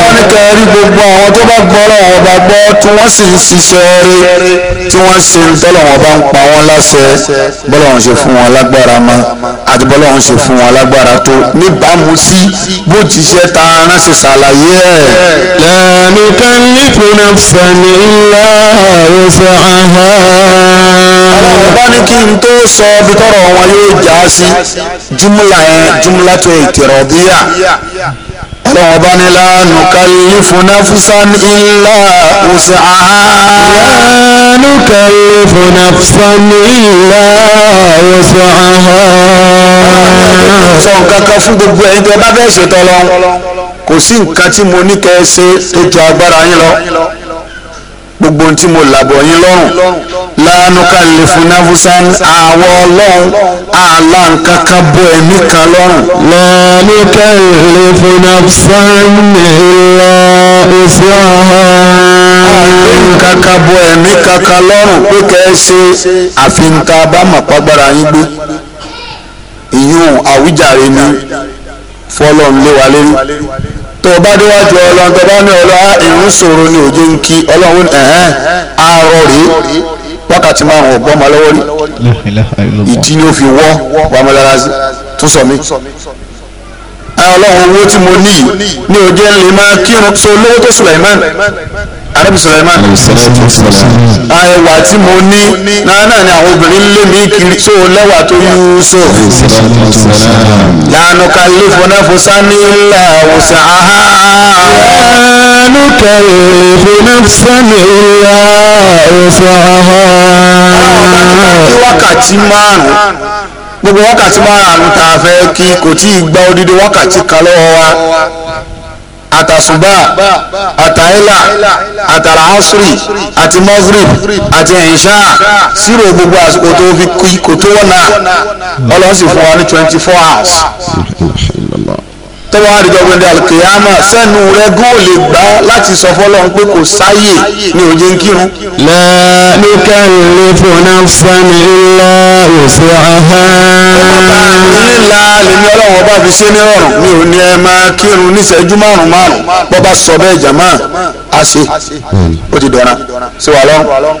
wọ́n ní ká rí gbogbo àwọn tó bá gbọ́rọ̀ wọn gbọ́ tí wọ́n sì ń ṣiṣẹ́ rí tí wọ́n sì ń tọ́lọ̀ wọn bá ń pa wọ́n láṣẹ bọ́lọ̀ wọn ṣe fún wọn lágbára mọ́ àti bọ́lọ̀ wọn ṣe fún wọn lágbára tó níbàámu sí bó ti ṣe ta ránṣẹ́ ṣàlàyé ẹ̀. lẹ́nu kẹ́lí fún ẹ إلا وسعها ọlọ́run kí n tó sọ bí tọ́rọ̀ wọn yóò já sí jumla yẹn jumla tó ìtìrọ̀bíyà ọlọ́run bá ní la nukallifu nafsan illa wus'aha. la nukallifu nafsan illa wus'aha. sọ nǹkan kan fún gbogbo ẹ̀yin tẹ́ bá fẹ́ ṣètọ́ lọ kò sí nǹkan tí mo ní kẹ́ ẹ ṣe tó ju agbára yín lọ gbogbo tí mo làbọ̀ yín lọ́rùn láàánú kàlífù náfúsán àwọ̀ ọlọ́run àlà nǹkan kan bọ ẹ̀mí kan lọ́rùn. láàánú kàlífù náfúsán ìlà ìfẹ́ nǹkan kan bọ ẹ̀mí kankan lọ́rùn pé kẹ́ àfihàn bá mọ̀ pàgbára yín gbé ìyún àwíjàre ni fọlọ́n lé wa lérí tó o bá déwájú ọlọ́run tó bá ní ọlọ́run ìrún ah, ṣòro ni òjò ń kí ọlọ́run ẹ̀hẹ́n àárọ̀ rèé wákàtí márùn ún ọgbọ́n ma lọ́wọ́ rí ìdí ni ó fi wọ́ pamọ́lárazí tó sọ mí. ọlọ́run owó tí mo ní ní òjò ń lè máa kírun so lówó tó Sulaiman arabi sulaiman ẹwà tí mo ní náà ni àwọn obìnrin lé mi kiri tó lẹ́wà tó yúúsọ. lánà kálí fúnáfúsá ní ilà òsà áhà. lánà kálí fúnáfúsá ní ilà òsà áhà. wákàtí márùn gbogbo wákàtí márùn tá a fẹ́ kí kò tí ì gba odidi wákàtí kan lọ́wọ́ wa àtàṣùbà àtàílà àtàràásùrì àti mọ́gírì àti ẹ̀ǹṣà sírò gbogbo àsìkò tó fi kò tó wọ́n náà ọlọ́sìn fún wa ní twenty four hours tọ́wọ́ àdìjọ́ gbẹ̀ndẹ̀ alkiyama sẹ́nu rẹ gún gbá láti sọ fọ́lọ́run pé kò sáyè ní òye ń kírun. la nukallifu nafsan illa wus'aha. nílá lèmi ọlọ́run ọba fi ṣe ní ọ̀rùn mi ò ní ẹ máa kírun níṣẹ́jú márùn márùn-ún sọ bẹ́ẹ̀ jàmáà á hmm. ó ti dọ̀ra sí wa lọ́rùn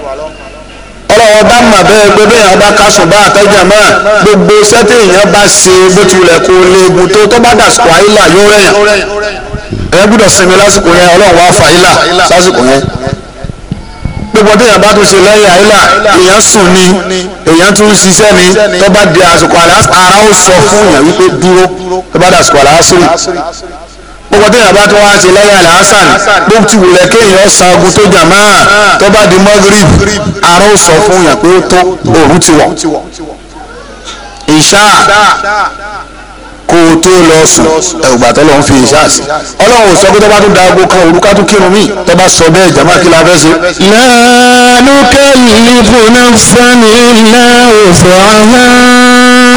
ọlọ́wọ́ bá mà bẹ́ẹ̀ pé bẹ́ẹ̀ yẹn bá kásùn bá àtẹ́jà máa gbogbo sẹ́tì èèyàn bá ṣe bó tilẹ̀ kó léegun tó tó bá dàsùkò àyílà yóò rẹ̀yàn ẹ gbọ́dọ̀ sinmi lásìkò yẹn ọlọ́run wá fà àyílà lásìkò yẹn gbogbo téèyàn bá tún ṣe lẹ́yìn àyílà èèyàn sùn ni èèyàn tún ṣiṣẹ́ ni tó bá di àsùkò àlá ara ó sọ fún èèyàn wípé dúró tó bá dàsùkò àlá gbogbo tó yàn tó wá ṣe lẹ́yìn alhassan bó ti wulẹ̀ kéèyàn ṣaagun tó jàmá tó bá di magrib àrùn sọ fún yàn pé ó tó òru ti wọ̀ ìṣá kó tó lọ sùn ẹ̀gbà tó lọ́n fi ìṣá sí ọlọ́run sọ pé tó bá tún da aago kan òru ká tún kírun mí tó bá sọ bẹ́ẹ̀ jàmá kí la fẹ́ ṣe. la nukallifu nafsan illa wus'aha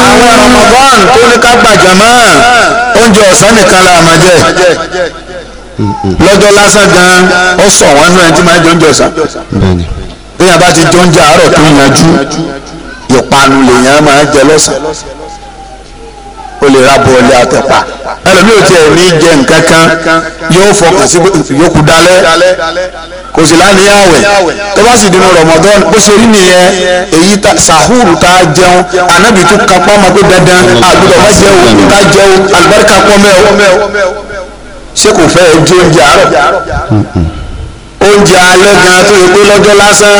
àwọn Ramadan tó ní ká gbàjà mọ́ oúnjẹ ọ̀sán nìkan la máa jẹ lọ́jọ́ lásán gan ó sọ wọn nínú ẹni tí máa jẹ oúnjẹ ọ̀sán bí yàrá bá ti jẹ oúnjẹ àárọ̀ tó yanjú ìpanu lèèyàn máa jẹ lọ́sàn o lè ra bọ̀ ọ̀lẹ́ àtẹ̀pà ẹlòmíì ò tiẹ̀ ní jẹ nǹkan kan yóò fọkàn sí yòókù dalẹ̀ kò sì lánìí àwẹ̀ tó bá sì dínú Ramadan bó ṣe rí nìyẹn èyí sahuru tá a jẹun anabi tún kápá ma pé dandan àgbẹ̀dọ̀ bá jẹun tá a jẹun alibarika pọ́mẹ́ o ṣé kò fẹ́ jẹ oúnjẹ oúnjẹ alẹ́ gan tó yẹ pé lọ́jọ́ lásán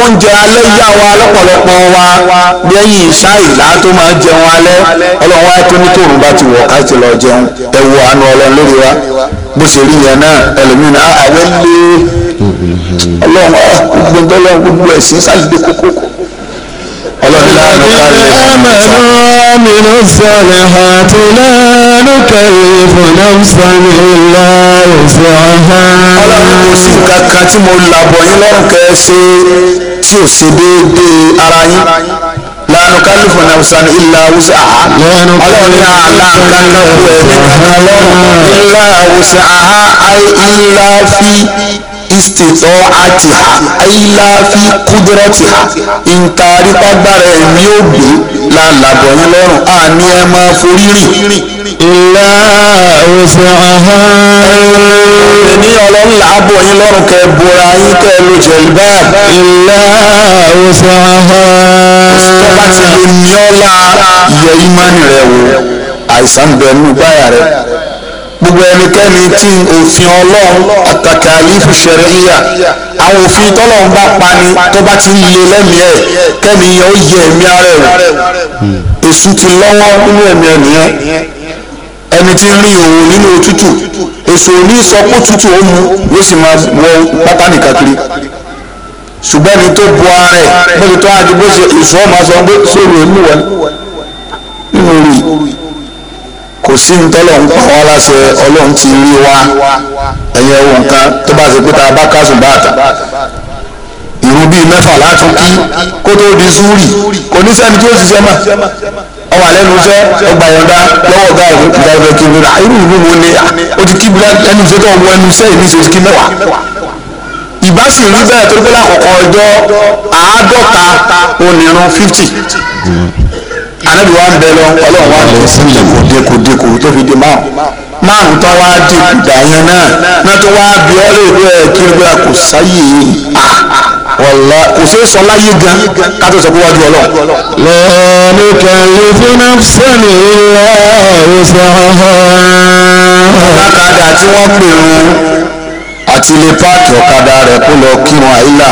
oúnjẹ alẹ́ yà wá lọ́pọ̀lọpọ̀ wa lẹ́yìn ìṣáì là tó máa jẹun alẹ́ ọlọ́run wáyé tó ní tòun bá ti wọ̀ ká ti lọ jẹun ẹ wo àánú ọlọ́run lórí wa bó ṣe rí yẹn náà ẹlòmíín náà ah, àwẹ̀ lé ọlọ́run ah, gbogbo ọlọ́run gbogbo ẹ̀sìn sálídé kókó ọlọ́run láàánú kálẹ̀ ọ̀hún ṣá ọlọ́run kò sí nǹkan kan tí mo làbọ̀ yín lọ́rùn kẹ́ ẹ ṣe tí ò ṣe déédéé ara yín lẹ́nu kálífù náà ilà awusa aha ọlọ́run ní àlá kankan ẹ̀mí kankan lọ́rùn ilà awusa aha ilà fi istitọ́ àti ha ayílá fi kúdúrọ́tì ha ntaari pàgbára ẹ̀mí ògbé lálàbọ̀ yín lọ́rùn a ní ẹ máa forí rìn. ìlà òsè ọ̀hán. ẹni ọlọ́run làábọ̀ yín lọ́rùn kẹ bora yín kẹ ló jẹ ìbáà. ìlà òsè ọ̀hán. tọ́ba ti lè ní ọ́ la yẹ ìmánì rẹ̀ wò àìsàn bẹ̀rù báyà rẹ̀ gbogbo ẹnikẹ́ni tí òfin ọlọ́run àtàkàlífù ṣẹ̀ríyà àwọn òfin tọ́lọ́run bá pani tó bá ti ń le lẹ́mìí ẹ̀ kẹ́mi yẹn ó yẹ ẹ̀mí ara ẹ̀ wò èṣù ti lọ́wọ́ nínú ẹ̀mí ẹ̀nìyẹn ẹni tí ń rí òun nínú òtútù èṣù ò ní sọ pé òtútù ó mu yóò sì máa wọ pátá nìkan ṣùgbọ́n ẹni tó bu ara ẹ̀ bó ti tọ́ àdúgbò ṣe èṣù ọ̀ máa sọ pé sóòrò èmú wọlé nínú orí sí ní tọ́lọ̀ ń pa wá láṣẹ ọlọ́run ti rí wa ẹ̀yẹ ohun kan tó bá ṣe pé tá a bá kásùn bàtà ìrun bíi mẹ́fà látún kí kó tó di súúrì kò ní sẹ́ni tí ó ṣiṣẹ́ mà ọmọ alẹ́ nu iṣẹ́ ọgbà yọ̀ǹda lọ́wọ́ ọ̀gá ìlú ìgbà ìbẹ̀ kí nira irú ìlú wo ni ó ti kí bílá ẹnu iṣẹ́ tó wọ ẹnu iṣẹ́ ìlú kí mẹ́wàá ìbá sì rí bẹ́ẹ̀ torí pé lákọ̀ọ́kọ́ ọjọ́ àádọ́ta onírun fifty anabi wa ń bẹ lọ wa ń bẹ sílẹ̀ kò dé kò dé kò tó fi dé márùn márùn tán wá dé kùdà yẹn náà náà tó wá bí ọ lè bẹ kí n bẹ kò sáyè kò sí sọ láyé gan ká tó sọ pé wájú ọlọ́run. lọ́ọ̀nù kẹ́lẹ́ fúnà sẹ́ni ìlà òṣà. ọ̀kadà tí wọ́n pè ń àti ilé páàkì ọ̀kadà rẹ̀ kó lọ kírun àìlà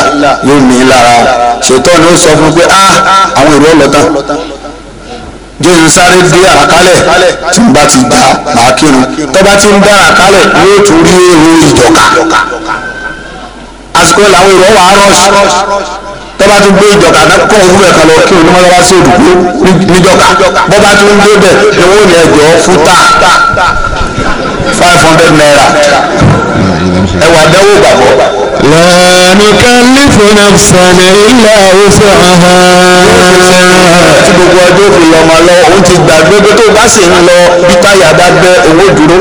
yóò ní lára ṣètọ́ ni ó sọ fún pé ah, àwọn èrò ọlọ́tàn. jésù sáré gbé àràkálẹ̀ tí n bá ti gbà máa tó bá ti ń dára kálẹ̀ yóò tún rí ìjọka àsìkò làwọn èrò wà á rọ́ọ̀ṣì tó bá tún gbé ìjọka kọ́ òun bẹ̀ kan lọ kí òun mọ́tò sí òdùkú five hundred naira ẹ wà dánwò gbàgbọ́. lẹ́nu kálífù náà sọ̀rọ̀ ilé àwòsàn ọ̀hán. tí gbogbo ọjọ́ òfin lọ máa lọ òun ti gbàgbé pé tó bá sì ń lọ bí táyà bá bẹ owó dúró.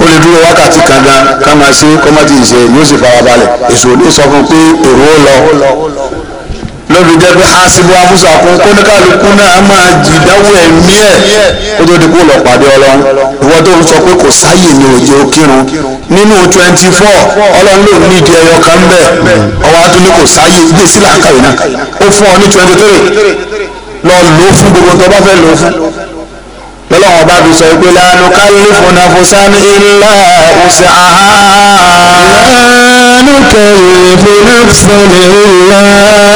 o lè dúró wákàtí kan gan ká máa ṣe kọ́mọ́tì ìṣe yóò sì fara balẹ̀ èso ò ní sọ fún un pé èrò ó lọ. lóbi jẹ́ pé asibu amusakun kóníkàlùkù náà máa jìdáwó ẹ̀mí ẹ̀ kó tó di kó lọ pàdé ọlọ́run ìwọ́n tó ń sọ pé kò sáyè ní òjò kírun nínú twenty four ọlọ́run ló ní ìdí ẹyọ kan ọwọ́ ní kò sáyè gbé sílẹ̀ àkàwé náà ó fún ọ ní twenty lọ lò gbogbo tó bá fẹ́ lò ó fún sọ pé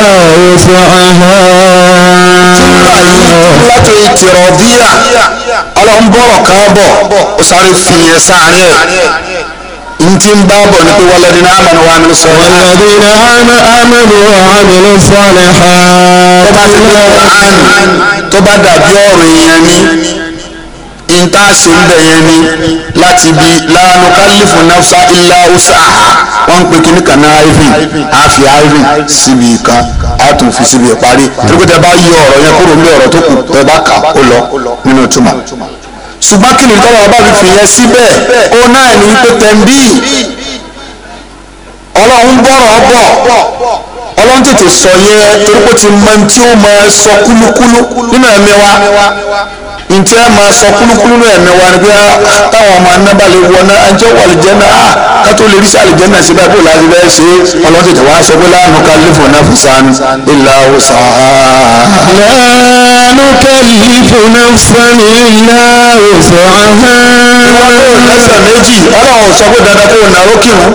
وسعها láti ìtìrọ̀díyà ọlọ́nbọ̀rọ̀ kan bọ̀ ó sáré fìyẹn sáré ẹ̀ ntí ń bá bọ̀ ní pé wọ́lẹ́dín amẹ́nu wa amẹ́nu sọ̀rọ̀ náà. wọ́lẹ́dín amẹ́nu wa amẹ́nu sọ̀rọ̀ náà. tó bá ti lọ́wọ́ àánú tó bá dàbí ọ̀rọ̀ ìyẹn ní. ìta ṣe ni láti bi láàánú kálífù náfà ilá ọ̀sà wọ́n ń pè kí nìkan a fi síbi parí torípétẹ bá yọ ọ̀rọ̀ yẹn kúrò ní tó kù tẹ bá kà ó lọ nínú ṣùgbọ́n kí ni tọ́lá ọba fi yẹn síbẹ̀ ó náà ní tẹ̀m̀bì ọlọ́run bọ̀rọ̀ bọ̀ ọlọ́run tètè sọ yẹ torípé ti mọ tí máa sọ kúlúkúlú nínú ẹ̀mí wa. ntí a máa sọ kúlúkúlú ẹ̀mí wa ni pé ah, táwọn ọmọ anábà lè wọ náà àjọ wà lìjẹ́nà á ah, kátó lè rí sí àlìjẹ́nà síbẹ̀ kó láti bẹ́ẹ̀ ṣe ọlọ́run tètè wá sọ pé láàánú kálífò náà fún san ìlà òsà. láàánú kálífò náà fún ìlà òsà. wọ́n lò lẹ́sẹ̀ méjì ọlọ́run sọ pé dandan kó nàró kírun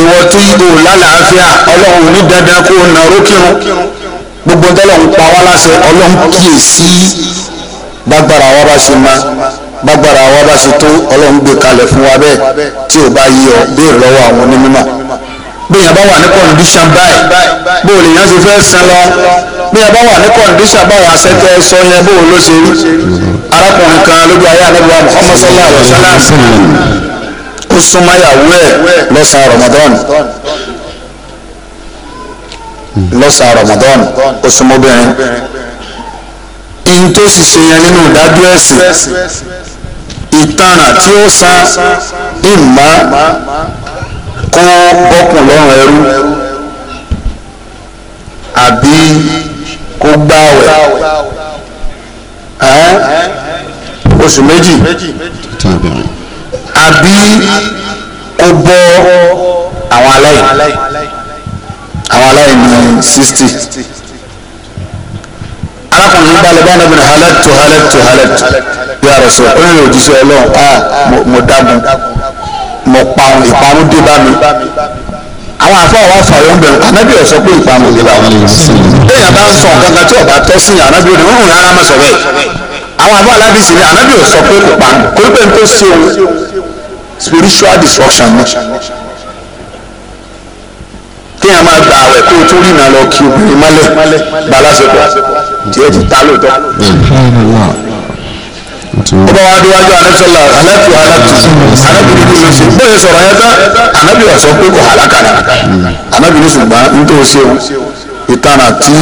ìwọ tí ìbò lálàáfíà ọlọ́run ò ní dandan kó nàró kírun gbogbo ntọ́lọ́hún pa wá láṣẹ ọlọ́hún kíyè sí bágbára wa bá ṣe má bágbára wa bá ṣe tó ọlọ́hún gbé kalẹ̀ fún wa bẹ́ẹ̀ tí ò bá yí ọ béèrè lọ́wọ́ àwọn onímọ̀ bóyá bá wà ní kọ̀ǹdíṣàn báyìí bó lè yàn ṣe fẹ́ san lọ bóyá bá wà ní kọ̀ǹdíṣàn báyìí àṣẹtẹ sọ yẹn bó ló ṣe rí arákùnrin kan lójú ayé àdébùwà Muhammad sallallahu alayhi wa sallam ó súnmọ́ ìyàwó ẹ̀ lọ́sàn Ramadan lọ́sàn-án Ramadan oṣùmọ́bìnrin ihun tó sì ṣe yẹn nínú ìdájọ́ ẹ̀sìn ìtanà tí ó san ìmọ̀ kó bọ́kùn lọ́rùn ẹrú àbí kó gbáwẹ̀ oṣù méjì àbí kó bọ́ àwọn aláìní àwọn aláìní sixty arákùnrin balẹ̀ bá nàbẹ̀rẹ̀ halẹ́tù halẹ́tù halẹ́tù yà rẹ̀ sọ ó yẹ òjíṣẹ́ ọlọ́run a ah, mo dagun mo parun ìparun dé bá mi àwọn àfọwọ́ wa fà yọ̀ ń bẹ̀rù anábì ọ̀sọ́ pé ìparun dé bá mi lẹ́yìn bá ń sọ nǹkan kan tí ọ̀bá tọ́ sí anábì ọ̀dẹ̀ wọ́n rìn ara mọ̀ sọ bẹ́ẹ̀ àwọn àfọwọ́ aládìsí ni anábì ọ̀sọ́ pé kò parun kó pé n tó ṣe spiritual destruction náà kéèyàn máa gbà àwẹ̀ kó o tún rìnà lọ kí obìnrin mọ́lẹ̀ balásepọ̀ díẹ̀ ti ta lóòótọ́. ó bá wá anẹ́sọ̀lá aláàtú aláàtú anábìrin kò ló ṣe bóyá sọ̀rọ̀ yẹn tán anábìrin ọ̀sọ́ pé kò hàlákà náà anábìrin ṣùgbọ́n nítorí ṣe o ìtara tí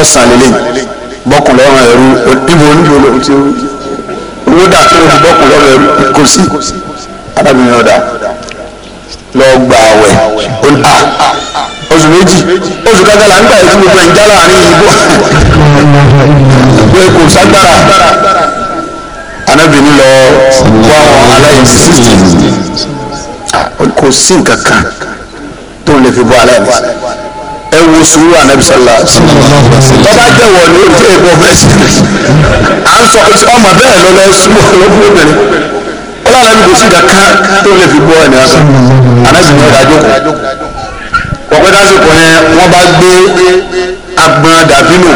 ọ̀sán lélẹ̀ bọ́kùnlọ́ ẹ̀rú níbo níbo ló ti owó dà tó o ti bọ́kùnlọ́ ẹ̀rú kò sí arábìnrin ọ̀dà lọ́ọ́ gbà wẹ̀ ó ní a. Ah, ah, ah, oṣù méjì oṣù kájà là ń gbà ètò gbogbo ẹ̀ńjá láàrin ìbò pé kò ságbára anábìíní lọ wá àwọn aláìsí kò sí nǹkan kan tó lè fi bọ́ aláìsí ẹ wo sùúrù anabi sọlá bàbá jẹwọ ni ó jẹ ìbọn fẹsẹ à ń sọ ọmọ bẹ́ẹ̀ lọ lọ súnmọ́ lọkùnrin ó lànà mi kò sí nǹkan kan tó lè fi bọ́ ẹnìyàn kan anabi ní ọdájọ ọ̀pẹ́ lásìkò yẹn wọ́n bá gbé agbọn dàbínù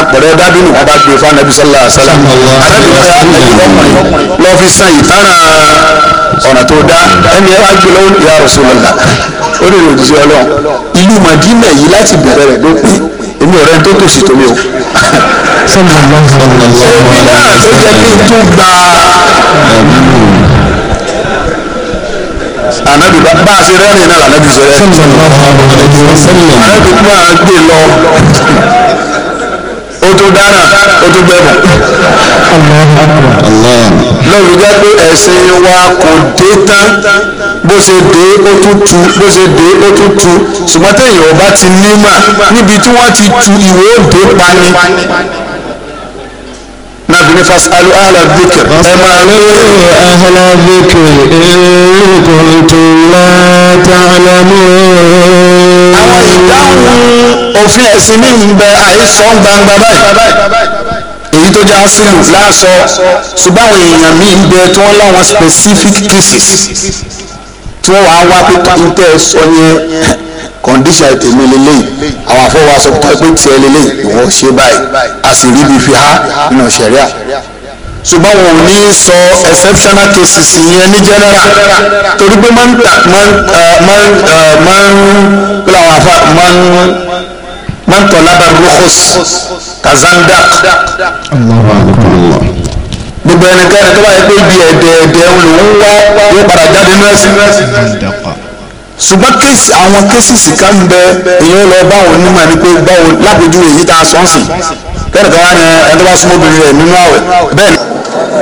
apẹ̀rẹ̀ dàbínù wọ́n bá gbé fún anabi sallallahu alaihi wasallam arábìnrin anabi ọkùnrin lọ fi san ìtara ọ̀nà tó dá ẹni ẹ wá gbé lọ́wọ́ ya Rasulullah ó lè lòdì sí ọlọ́run ìlú Madina yìí láti bẹ̀rẹ̀ rẹ̀ ló pé èmi ọ̀rẹ́ tó tòṣì tó mi o. sọ́nà ọlọ́run ọ̀nà ọ̀nà ọ̀nà ọ̀nà ọ̀nà ọ̀nà ọ̀nà ọ̀nà ọ̀nà ọ̀nà ọ̀nà ọ̀nà ọ̀nà ọ̀nà anabi bá a ṣe rẹ́rìn náà anabi sọ yẹ. anabi máa gbé lọ o tó dára o tó gbẹmọ. lọ́wọ́ jẹ́ pé ẹ̀sìn wa kò dé tán bó ṣe dé ó tún tu bó ṣe dé ó tún tu ṣùgbọ́n téèyàn bá ti ní mà níbi tí wọ́n ti tu ìwé òde pani nábì ní fasalu ahla dhikr ẹ máa ní. ahla la ta'lamun. àwọn ìdáhùn òfin ẹ̀sìn mi ń àìsàn gbangba báyìí èyí tó já sílù láàṣọ ṣùgbọ́n àwọn èèyàn míì ń bẹ tí wọ́n láwọn specific cases tí wọ́n wàá wá pé kí n sọ yẹn kọ̀ǹdíṣà tèmi lélẹ́yìn àwọn afọwọ́ aṣọ tó pé tiẹ̀ lélẹ́yìn ìwọ ṣe báyìí a sì rí ibi fi há nínú ṣẹ̀ríà ṣùgbọ́n wọn ò ní sọ exceptional cases yẹn ní general torí pé máa ń pẹ̀lú àwọn afa máa ń máa ń tọ́lá bá rukhus kazandak gbogbo ẹnikẹ́ni tó bá yẹ pé ibi ẹ̀dẹ̀ẹ̀dẹ̀ ń lò ń wá yóò padà jáde nọ́ọ̀sì ṣùgbọ́n kéèsì àwọn kéèsìsì kan bẹ èyàn lọ báwọn onímọ̀ ni pé báwo lápèjúwe yìí tá a sọ́ọ̀sì kẹ́nìkan wá ní ẹni tó bá súnmọ́ obìnrin rẹ̀ nínú àwẹ̀ bẹ́ẹ̀ ni.